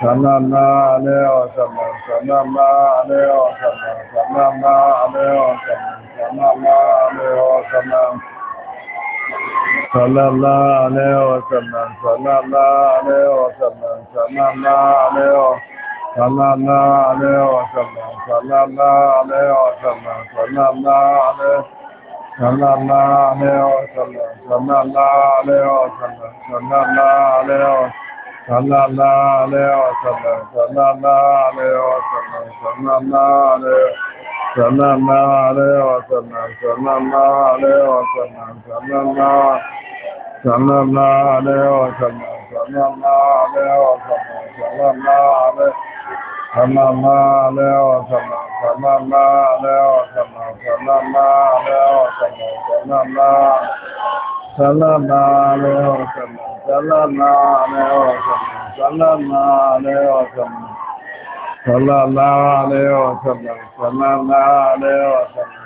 သမ္မာမာအလေဟောသမ္မာသမ္မာမာအလေဟောသမ္မာသမ္မာမာအလေဟောသမ္မာသမ္မာမာအလေဟောသမ္မာသမ္မာမာအလေဟောသမ္မာသမ္မာမာအလေဟောသမ္မာသမ္မာမာအလေဟောသမ္မာမာအလေဟောသမ္မာသမ္မာမာအလေဟောသမ္မာသမ္မာမာအလေသမ္မာမာအလေဟောသမ္မာသမ္မာမာအလေဟောသမ္မာသမ္မာမာအလေဟောသမ္မာလာလေဝသမ္မာသမ္မာလေဝသမ္မာသမ္မာလေသမ္မာလေဝသမ္မာသမ္မာလေဝသမ္မာသမ္မာသမ္မာနာလေဝသမ္မာသမ္မာနာလေဝသမ္မာသမ္မာနာလေသမ္မာသမ္မာနာလေသမ္မာသမ္မာနာလေသမ္မာသမ္မာသမ္မာနာလေသမ္မာသမ္မာနာလေသမ္မာသမ္မာနာလေသမ္မာသမ္မာနာလေသမ္မာသမ္မာနာလေသမ္မာ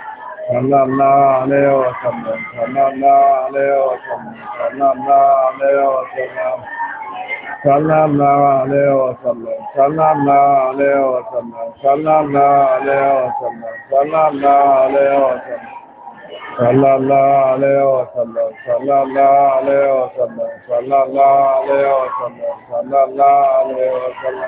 သမ္မာနာလေဝသမ္မာသမ္မာနာလေဝသမ္မာသမ္မာနာလေဝသမ္မာသမ္မာနာလေဝသမ္မာသမ္မာနာလေဝသမ္မာသမ္မာနာလေဝသမ္မာသမ္မာနာလေဝသမ္မာသမ္မာနာလေဝသမ္မာသမ္မာနာလေဝသမ္မာသမ္မာနာလေဝသမ္မာသမ္မာနာလေဝသမ္မာ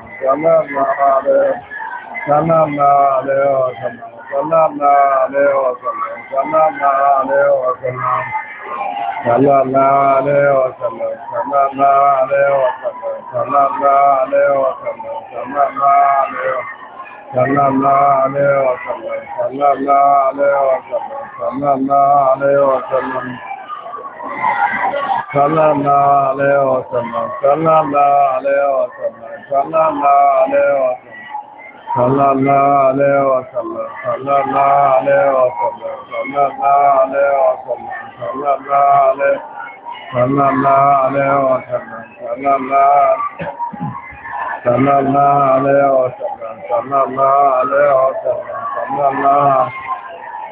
သမမာလေသမမာလေဩသမသမမာလေဩသမသမမာလေဩသမသမမာလေဩသမသမမာလေဩသမသမမာလေဩသမသမမာလေဩသမမာလေဩသမသမမာလေဩသမသမမာလေဩသမဆလနာလေဝသနဆလနာလေဝသနဆလနာလေဝသနဆလနာလေဝသနဆလနာလေဝသနဆလနာလေဝသနဆလနာလေဆလနာလေဝသနဆလနာဆလနာလေဝသနဆလနာလေဝသနဆလနာ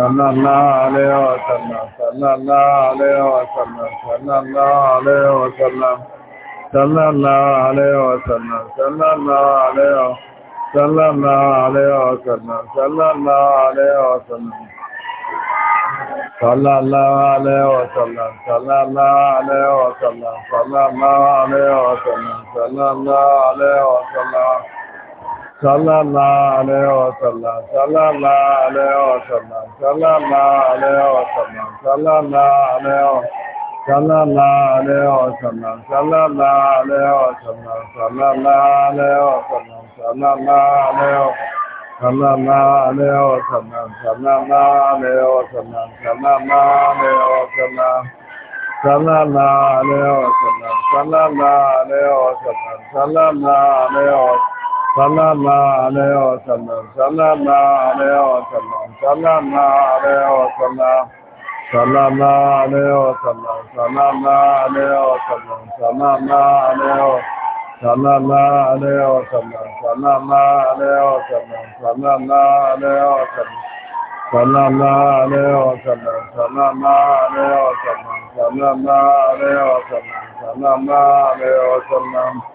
သနနာလေဝသနသနနာလေဝသနသနနာလေဝသနသနနာလေဝသနသနနာလေဝသနနာလေဝသနသနနာလေဝသနသနနာလေဝသနသနနာလေဝသနသနနာလေဝသနသနနာလေဝသန sallallahu alaihi wasallam sallallahu alaihi wasallam sallallahu alaihi wasallam sallallahu alaihi sallallahu alaihi wasallam sallallahu alaihi wasallam sallallahu alaihi wasallam sallallahu alaihi sallallahu alaihi wasallam sallallahu alaihi wasallam sallallahu alaihi wasallam sallallahu alaihi wasallam sallallahu alaihi wasallam သမ္မာမာအလယောသမ္မာသမ္မာမာအလယောသမ္မာသမ္မာမာအလယောသမ္မာသမ္မာမာအလယောသမ္မာသမ္မာမာအလယောသမ္မာသမ္မာမာအလယောသမ္မာမာအလယောသမ္မာသမ္မာမာအလယောသမ္မာသမ္မာမာအလယောသမ္မာသမ္မာမာအလယောသမ္မာသမ္မာမာအလယောသမ္မာသမ္မာမာအလယောသမ္မာသမ္မာမာအလယောသမ္မာ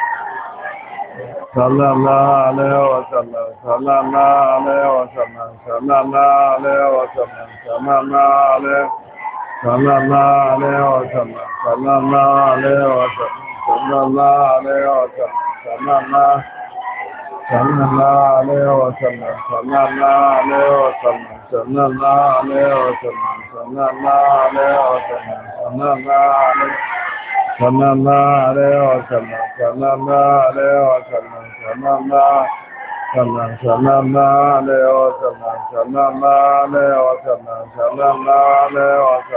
သမ္မာလေဝသမ္မာသမ္မာလေဝသမ္မာသမ္မာလေဝသမ္မာသမ္မာလေသမ္မာလေဝသမ္မာသမ္မာလေဝသမ္မာလေဝသမ္မာသမ္မာသမ္မာလေဝသမ္မာသမ္မာလေဝသမ္မာသမ္မာလေဝသမ္မာသမ္မာလေဝသမ္မာသမ္မာလေဝသမ္မာသမ္မာလေသမ္မာအရေဝသမ္မာသမ္မာအရေဝသမ္မာသမ္မာသမ္မာသမ္မာအရေဝသမ္မာသမ္မာအရေဝသမ္မာသမ္မာအရေဝသ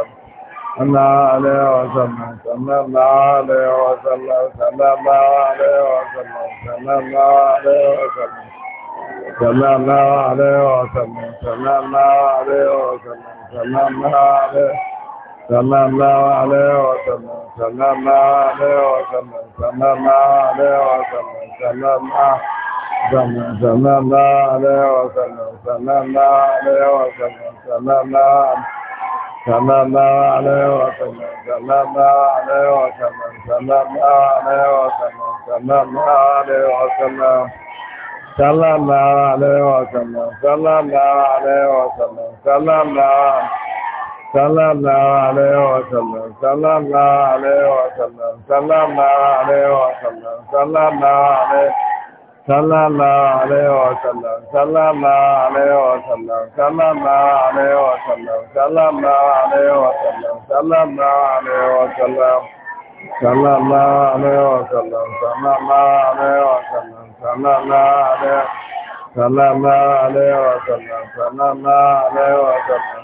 မ္မာအရေဝသမ္မာသမ္မာအရေဝသမ္မာသမ္မာအရေဝသမ္မာသမ္မာအရေဝသမ္မာသမ္မာအရေဝသမ္မာသမ္မာအရေဝသမ္မာသမ္မာအရေဝသမ္မာမာအလေဝသမ္သမ္မာမာအလေဝသမ္သမ္မာမာအလေဝသမ္သမ္မာမာသမ္သမ္မာအလေဝသမ္သမ္မာမာအလေဝသမ္သမ္မာမာသမ္မာမာအလေဝသမ္သမ္မာမာအလေဝသမ္သမ္မာမာအလေဝသမ္သမ္မာမာအလေဝသမ္မာသလမအလေဝသမ္သမ္မာမာအလေဝသမ္သမ္မာ sallallahu alaihi wa sallam sallallahu alaihi wa sallam sallallahu alaihi wa sallam sallallahu alaihi sallallahu alaihi wa sallam sallallahu alaihi wa sallam sallallahu alaihi wa sallam sallallahu alaihi wa sallam sallallahu alaihi wa sallam sallallahu alaihi wa sallam sallallahu alaihi wa sallam sallallahu alaihi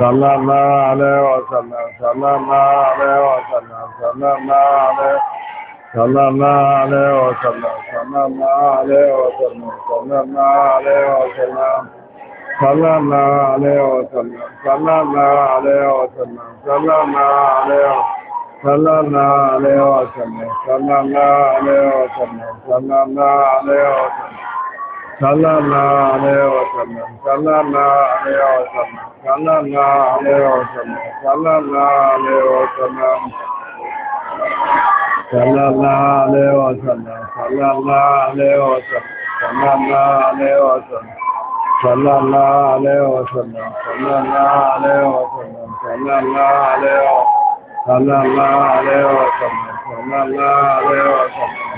သမ္မာမာလေဝသမ္မာသမ္မာမာလေဝသမ္မာသမ္မာမာလေသမ္မာမာလေဝသမ္မာသမ္မာမာလေဝသမ္မာသမ္မာမာလေဝသမ္မာသမ္မာမာလေဝသမ္မာသမ္မာမာလေဝသမ္မာသမ္မာမာလေဝသမ္မာမာလေဝသမ္မာသမ္မာမာလေဝသမ္မာသမ္မာမာလေဝသမ္မာသလနာလေဝသမသလနာလေဝသမသလနာလေဝသမသလနာလေဝသမသလနာလေဝသမသလနာလေဝသမသလနာလေဝသမသလနာလေဝသမသလနာလေဝသမသလနာလေဝသမသလနာလေဝသမသလနာလေဝသမ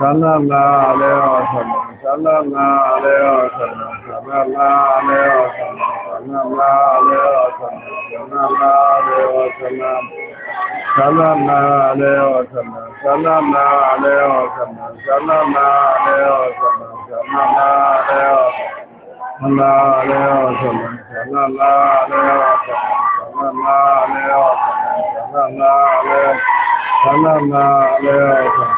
သလလာလေဟောသမသလလာလေဟောသမသလလာလေဟောသမသလလာလေဟောသမသလလာလေဟောသမသလလာလေဟောသမသလလာလေဟောသမသလလာလေဟောသမသလလာလေဟောသမသလလာလေဟောသမသလလာလေဟောသမသလလာလေဟောသမသလလာလေဟောသမသလလာလေဟောသမ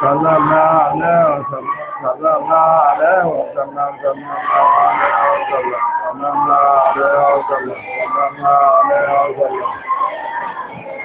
သမ္မာအလောသမ္မာသမ္မာအလောသမ္မာသမ္မာအလောသမ္မာသမ္မာအလောသမ္မာသမ္မာအလောသမ္မာ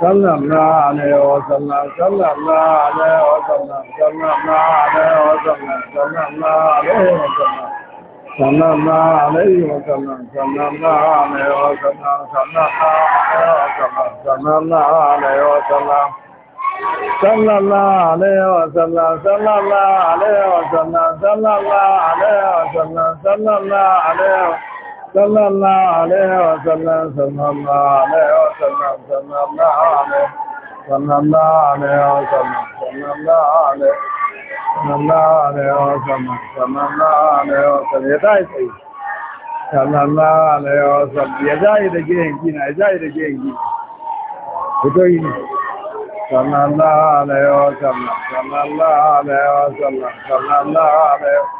sallallahu na wa sallam sallallahu alaihi wa sallam sallallahu alaihi wa sallam sallallahu alaihi wa sallam sallallahu alaihi wa sallam sallallahu alaihi wa sallam sallallahu alaihi wa sallam sallallahu alaihi wa sallam sallallahu alaihi wa sallam sallallahu alaihi wa sallam صلى الله, صلى الله عليه وسلم صلى الله عليه وسلم صلى الله عليه صلى الله عليه وسلم صلى الله عليه صلى الله عليه وسلم صلى الله عليه وسلم يدعي سيد صلى الله عليه وسلم يدعي دجين جينا يدعي دجين جينا يدعي صلى الله عليه وسلم صلى الله عليه وسلم صلى الله عليه وسلم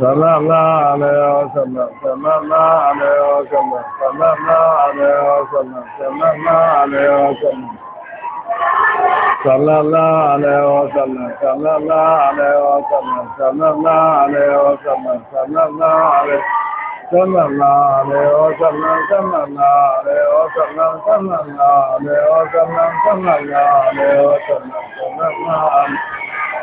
သမ္မာမာမေယောသမ္မာသမ္မာမာမေယောသမ္မာသမ္မာမာမေယောသမ္မာသမ္မာမာမေယောသမ္မာသမ္မာမာမေယောသမ္မာသမ္မာမာမေယောသမ္မာသမ္မာမာမေယောသမ္မာသမ္မာမာမေသမ္မာမာမေယောသမ္မာသမ္မာမာမေယောသမ္မာသမ္မာမာမေယောသမ္မာသမ္မာမာမေယောသမ္မာသမ္မာမာ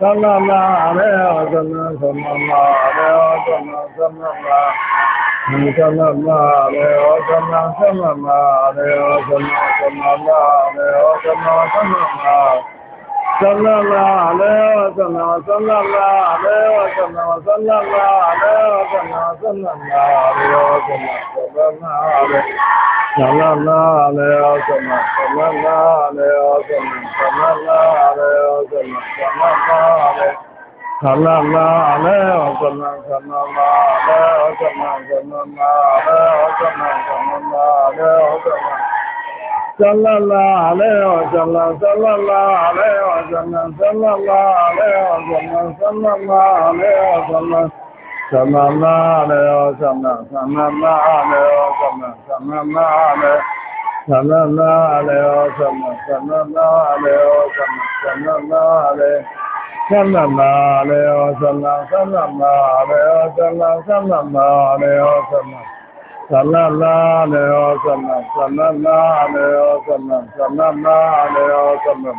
သမ္မာမာရေဟောသမ္မာသမ္မာမာရေဟောသမ္မာသမ္မာမာဒီသမ္မာမာရေဟောသမ္မာသမ္မာမာရေဟောသမ္မာသမ္မာမာရေဟောသမ္မာသမ္မာမာသမ္မာမာရေဟောသမ္မာသမ္မာမာရေဟောသမ္မာသမ္မာမာရေဟောသမ္မာသမ္မာမာရေဟောသမ္မာသမ္မာမာရေသမဏနာလေယောသမသမဏနာလေယောသမသမဏနာလေယောသမသမဏနာလေသမဏနာလေယောသမသမဏနာလေယောသမသမဏနာလေယောသမသမဏနာလေယောသမသလလာလေယောသမသလလာလေယောသမသလလာလေယောသမသမဏနာလေယောသမသမမရောသမသမမရောသမသမမရောသမမရောသမသမမရောသမသမမရောသမမရောသမသမမရောသမသမမရောသမသမမရောသမသမမရောသမသမမရောသမ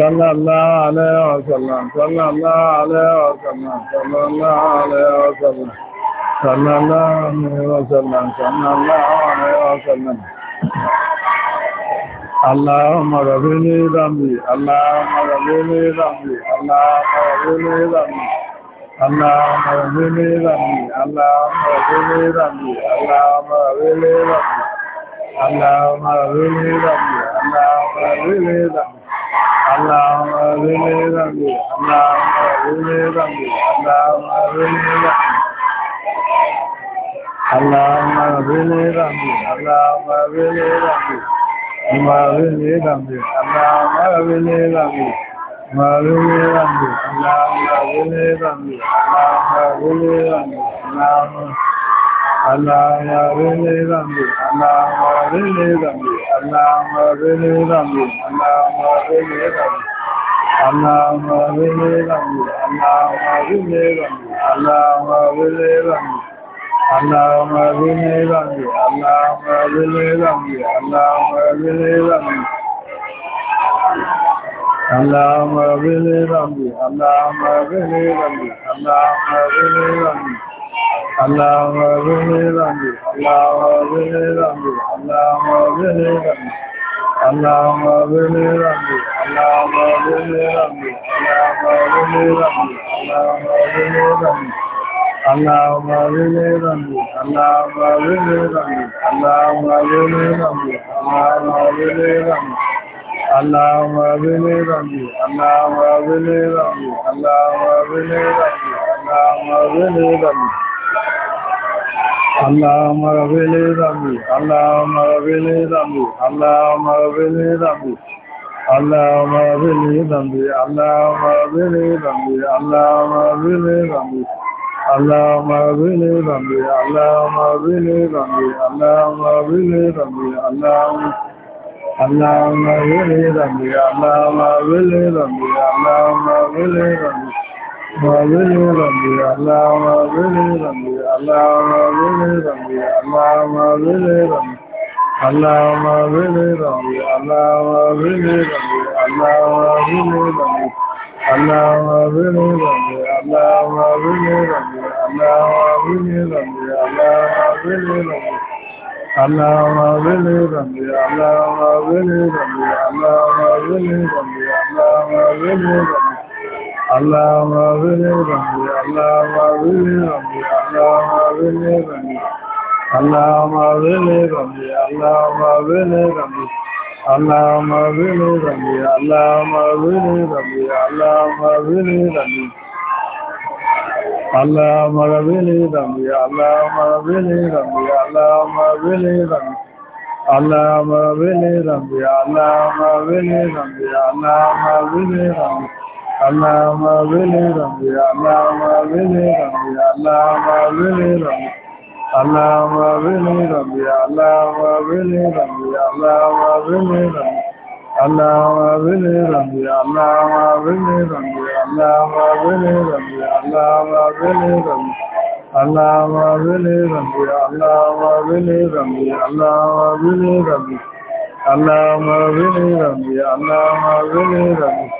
sallallahu alaihi wa sallam sallallahu alaihi wa sallam sallallahu alaihi wa sallam sallallahu alaihi wa sallam sallallahu alaihi wa sallam اللهم ربني ذنبي اللهم ربني ذنبي اللهم ربني ذنبي اللهم ربني ذنبي اللهم ربني ذنبي اللهم ربني ذنبي Allahumma rabbil alamin Allahumma rabbil alamin Allahumma rabbil alamin Allahumma rabbil alamin Allahumma rabbil alamin Allahumma rabbil alamin Allahumma rabbil alamin Allahumma rabbil alamin Allahumma rabbil alamin Allahumma rabbil alamin Allahumma rabbil alamin Allahumma rabbil alamin Allahumma rabbil alamin Allahumma rabbil Allahumma rinni rabbi Allahumma rinni rabbi Allahumma rinni rabbi Allahumma rinni rabbi Allahumma rinni rabbi Allahumma rinni rabbi Allahumma rinni rabbi Alama bihi dhanbi Allahumma bihi dhanbi Allahumma bihi dhanbi Allahumma bihi dhanbi Allahumma bihi dhanbi Allahumma bihi dhanbi Allahumma bihi dhanbi Allahumma bihi dhanbi Allahumma bihi dhanbi Allahumma bihi dhanbi Allahumma bihi dhanbi Allahumma bihi dhanbi Allahumma اللهم اغفر لي ذنبي اللهم اغفر لي ذنبي اللهم اغفر لي ذنبي اللهم اغفر لي ذنبي اللهم اغفر لي ذنبي اللهم اغفر لي ذنبي اللهم اغفر لي ذنبي اللهم اغفر لي ذنبي اللهم اغفر لي ذنبي اللهم اغفر لي ذنبي اللهم اللهم اغفر لي ذنبي اللهم اغفر لي ذنبي اللهم اغفر لي ذنبي ba zai yi rambe alama zai yi rambe alama zai yi rambe alama zai alama zai alama zai alama zai alama zai alama zai alama zai alama zai Allah ma bene rami Allah ma bene rami Allah ma bene rami Allah ma bene rami Allah ma bene rami Allah ma bene rami Allah ma bene rami Allah ma bene rami Allah Allahumma bini rabbi Allahumma bini rabbi Allahumma bini rabbi Allahumma bini rabbi Allahumma bini rabbi Allahumma bini rabbi Allahumma bini rabbi Allahumma bini rabbi Allahumma bini rabbi Allahumma bini rabbi Allahumma bini rabbi Allahumma bini rabbi Allahumma bini rabbi Allahumma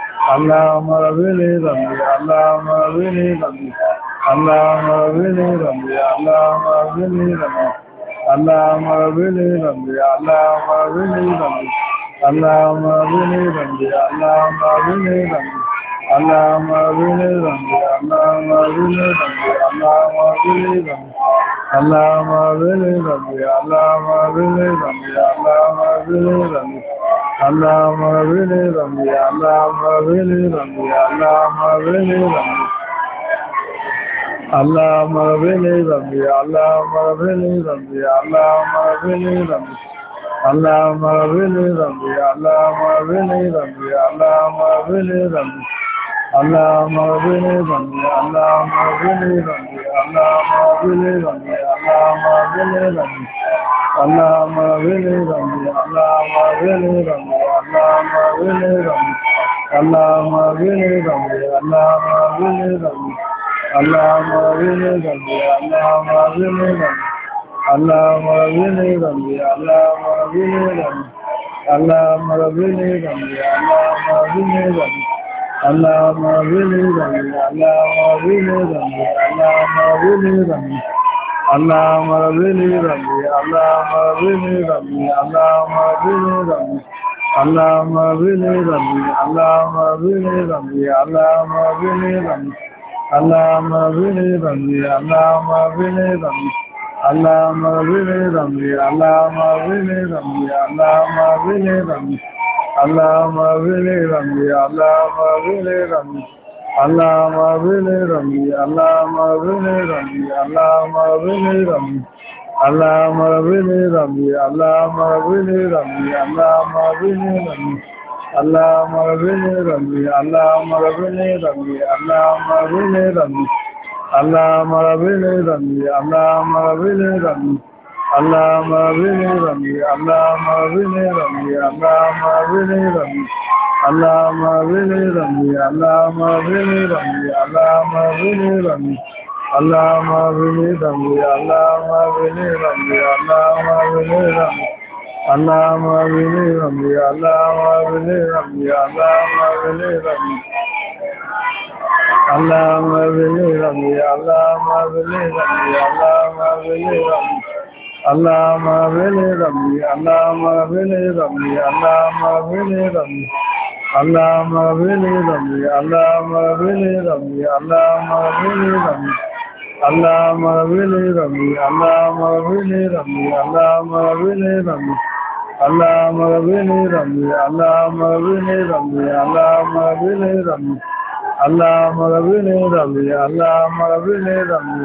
Allahumma rabbini dhanbi Allahumma rabbini dhanbi Allahumma rabbini dhanbi Allahumma rabbini dhanbi Allahumma bini zambi Allahumma bini zambi Allahumma bini zambi Allahumma bini zambi Allahumma bini zambi Allahumma bini zambi Allahumma bini zambi Allahumma bini zambi Allahumma bini zambi Allahumma bini zambi Allahumma bini zambi Allahumma bini zambi Allahumma bini zambi Allahumma zini zambi, Allahumma zini zambi, Allahumma zini zambi, Allahumma zini zambi, zini zambi, Allahumma Allahumma rabbini rabbi Allahumma rabbini rabbi Allahumma rabbini rabbi Allahumma rabbini rabbi Allahumma rabbini rabbi Allahumma rabbini rabbi Allahumma rabbini rabbi Allahumma rabbini rabbi Allahumma rabbini rabbi Allahumma rabbini rabbi Allahumma bili rabbi Allahumma bili rabbi Allahumma bili rabbi Allahumma bili rabbi Allahumma bili rabbi Allahumma bili rabbi Allahumma bili rabbi Allahumma bili rabbi Allahumma Allahumma bini rami Allahumma bini rami Allahumma bini rami Allahumma bini rami Allahumma bini rami Allahumma bini rami Allahumma bini rami Allahumma bini rami Allahumma bini rami Allahumma bini rami Allahumma bini rami Allahumma bini rami Allah ma bene rabbi Allah ma bene rabbi Allah ma bene rabbi Allah ma bene rabbi Allah ma bene rabbi ma bene rabbi Allah ma bene rabbi Allah ma bene rabbi ma bene rabbi ma bene rabbi ma bene rabbi ma bene rabbi ma bene rabbi ma bene rabbi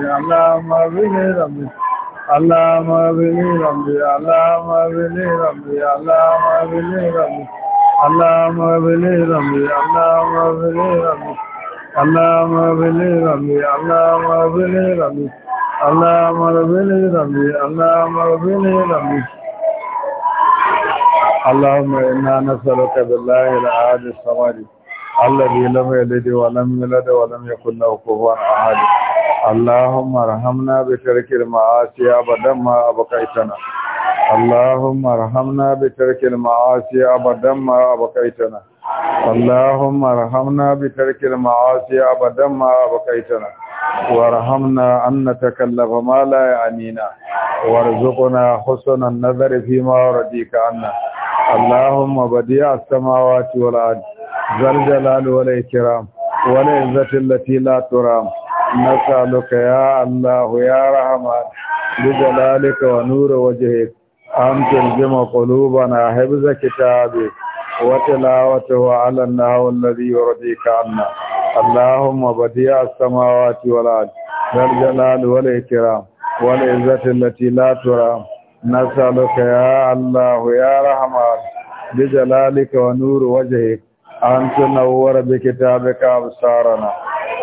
ma bene rabbi ma bene اللهم ابني ربي اللهم ابني ربي اللهم ابني ربي اللهم ابني ربي اللهم ابني ربي اللهم ابني ربي اللهم ابني ربي اللهم ابني ربي اللهم ابني ربي اللهم انا نسالك بالله العاد الصمد الذي لم يلد ولم يولد ولم يكن له كفوا احد اللهم ارحمنا بترك المعاصي ابدا ما ابقيتنا اللهم ارحمنا بترك المعاصي ابدا ما ابقيتنا اللهم ارحمنا بترك المعاصي ابدا ما ابقيتنا وارحمنا ان نتكلف ما لا يعنينا وارزقنا حسن النظر فيما رضيك عنا اللهم بديع السماوات والارض ذل جلال والإكرام والعزة التي لا ترام نسألك يا الله يا رحمن بجلالك ونور وجهك أن تلزم قلوبنا حفظ كتابك وتلاوته على النهو الذي يرضيك عنا اللهم بديع السماوات والأرض ذا الجلال والإكرام والعزة التي لا ترام نسألك يا الله يا رحمن بجلالك ونور وجهك أن تنور بكتابك أبصارنا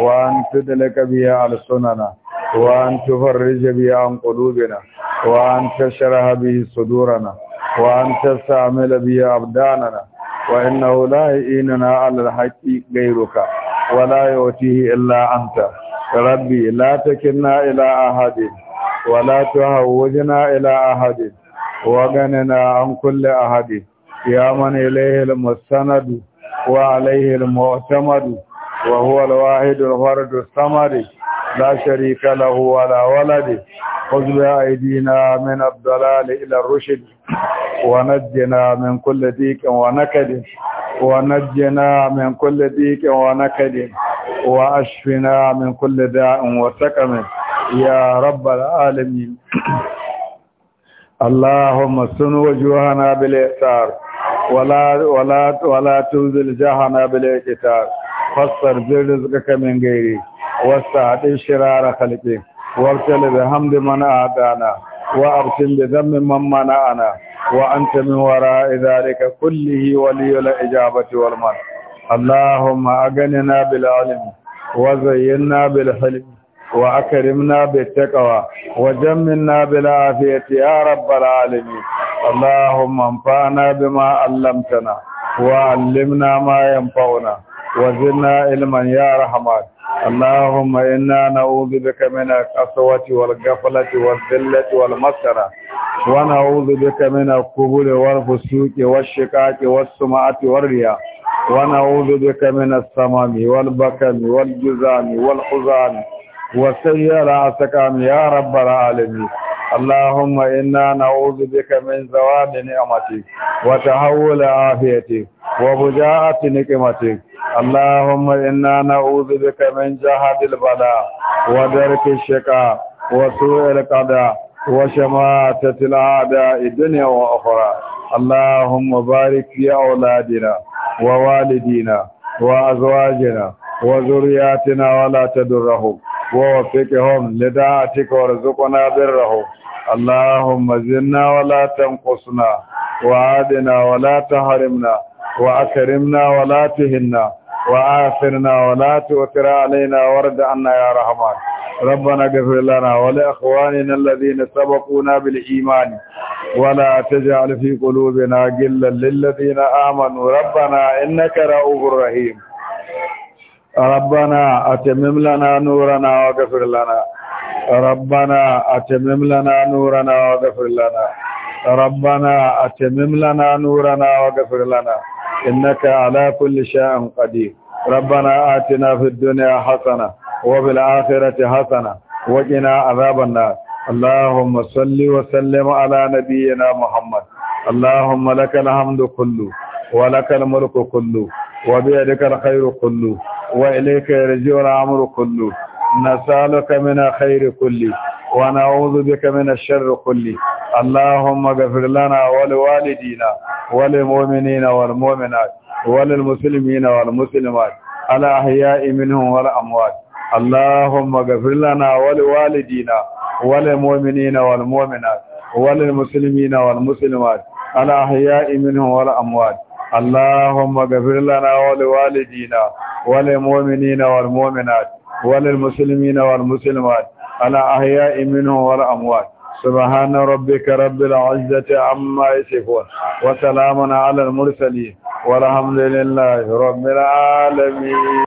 وأن تدلك بها ألسننا وأن تفرج بها عن قلوبنا وأن تشرح به صدورنا وأن تستعمل به أبداننا وإنه لا يئيننا على الحق غيرك ولا يؤتيه إلا أنت ربي لا تكلنا إلى أحد ولا تهوجنا إلى أحد وغننا عن كل أحد يا من إليه المستند وعليه المعتمد وهو الواحد الفرد الصمد لا شريك له ولا ولد خذ بأيدينا من الضلال إلى الرشد ونجنا من كل ديك ونكد ونجنا من كل ديك ونكد وأشفنا من كل داء وسقم يا رب العالمين اللهم سن وجوهنا بالإئثار wala tunzil jahana bile ita fassar zai rizuka gairi wasta haɗin shirara halki wartale da hamdi mana a dana wa abcin da zammin man mana ana wa an tamin wara izarika kullihi waliyula ijabati walmar allahumma a gani na bilalim wa zayyin na bilhalim wa akarim na bitakawa wa jammin na bilafiyar tiyarar balalimi اللهم انفعنا بما علمتنا وعلمنا ما ينفعنا وزدنا علما يا رحمن اللهم إنا نعوذ بك من القسوة والغفلة والذلة والمسكنة ونعوذ بك من القبول والفسوق والشقاق والسمعة والرياء ونعوذ بك من السمم والبكم والجزام والحزام وسيئ العسكام يا رب العالمين اللهم إنا نعوذ بك من زوال نعمتك وتحول عافيتك وبجاءة نقمتك اللهم إنا نعوذ بك من جهد البلاء ودرك الشقاء وسوء القضاء وشماتة الأعداء دنيا وأخرى اللهم بارك في أولادنا ووالدينا وأزواجنا وذرياتنا ولا تدرهم ووفقهم لداعتك وارزقنا برهم اللهم زدنا ولا تنقصنا وعادنا ولا تحرمنا وأكرمنا ولا تهنا وآثرنا ولا تؤثر علينا وارد عنا يا رحمن ربنا اغفر لنا ولإخواننا الذين سبقونا بالإيمان ولا تجعل في قلوبنا غلا للذين آمنوا ربنا إنك رؤوف رحيم ربنا أتمم لنا نورنا واغفر لنا ربنا أتمم لنا نورنا واغفر لنا ربنا أتمم لنا نورنا واغفر لنا إنك على كل شيء قدير ربنا آتنا في الدنيا حسنة وفي الآخرة حسنة وقنا عذاب النار اللهم صل وسلم على نبينا محمد اللهم لك الحمد كله ولك الملك كله وبيدك الخير كله وإليك يرجع الأمر كله نسألك من خير كله ونعوذ بك من الشر كله اللهم اغفر لنا ولوالدينا وللمؤمنين والمؤمنات وللمسلمين والمسلمات الأحياء منهم والأموات اللهم اغفر لنا ولوالدينا وللمؤمنين والمؤمنات وللمسلمين والمسلمات الأحياء منهم والأموات اللهم اغفر لنا ولوالدينا وللمؤمنين والمؤمنات وللمسلمين والمسلمات على أحياء منهم والأموات سبحان ربك رب العزة عما يصفون وسلام على المرسلين والحمد لله رب العالمين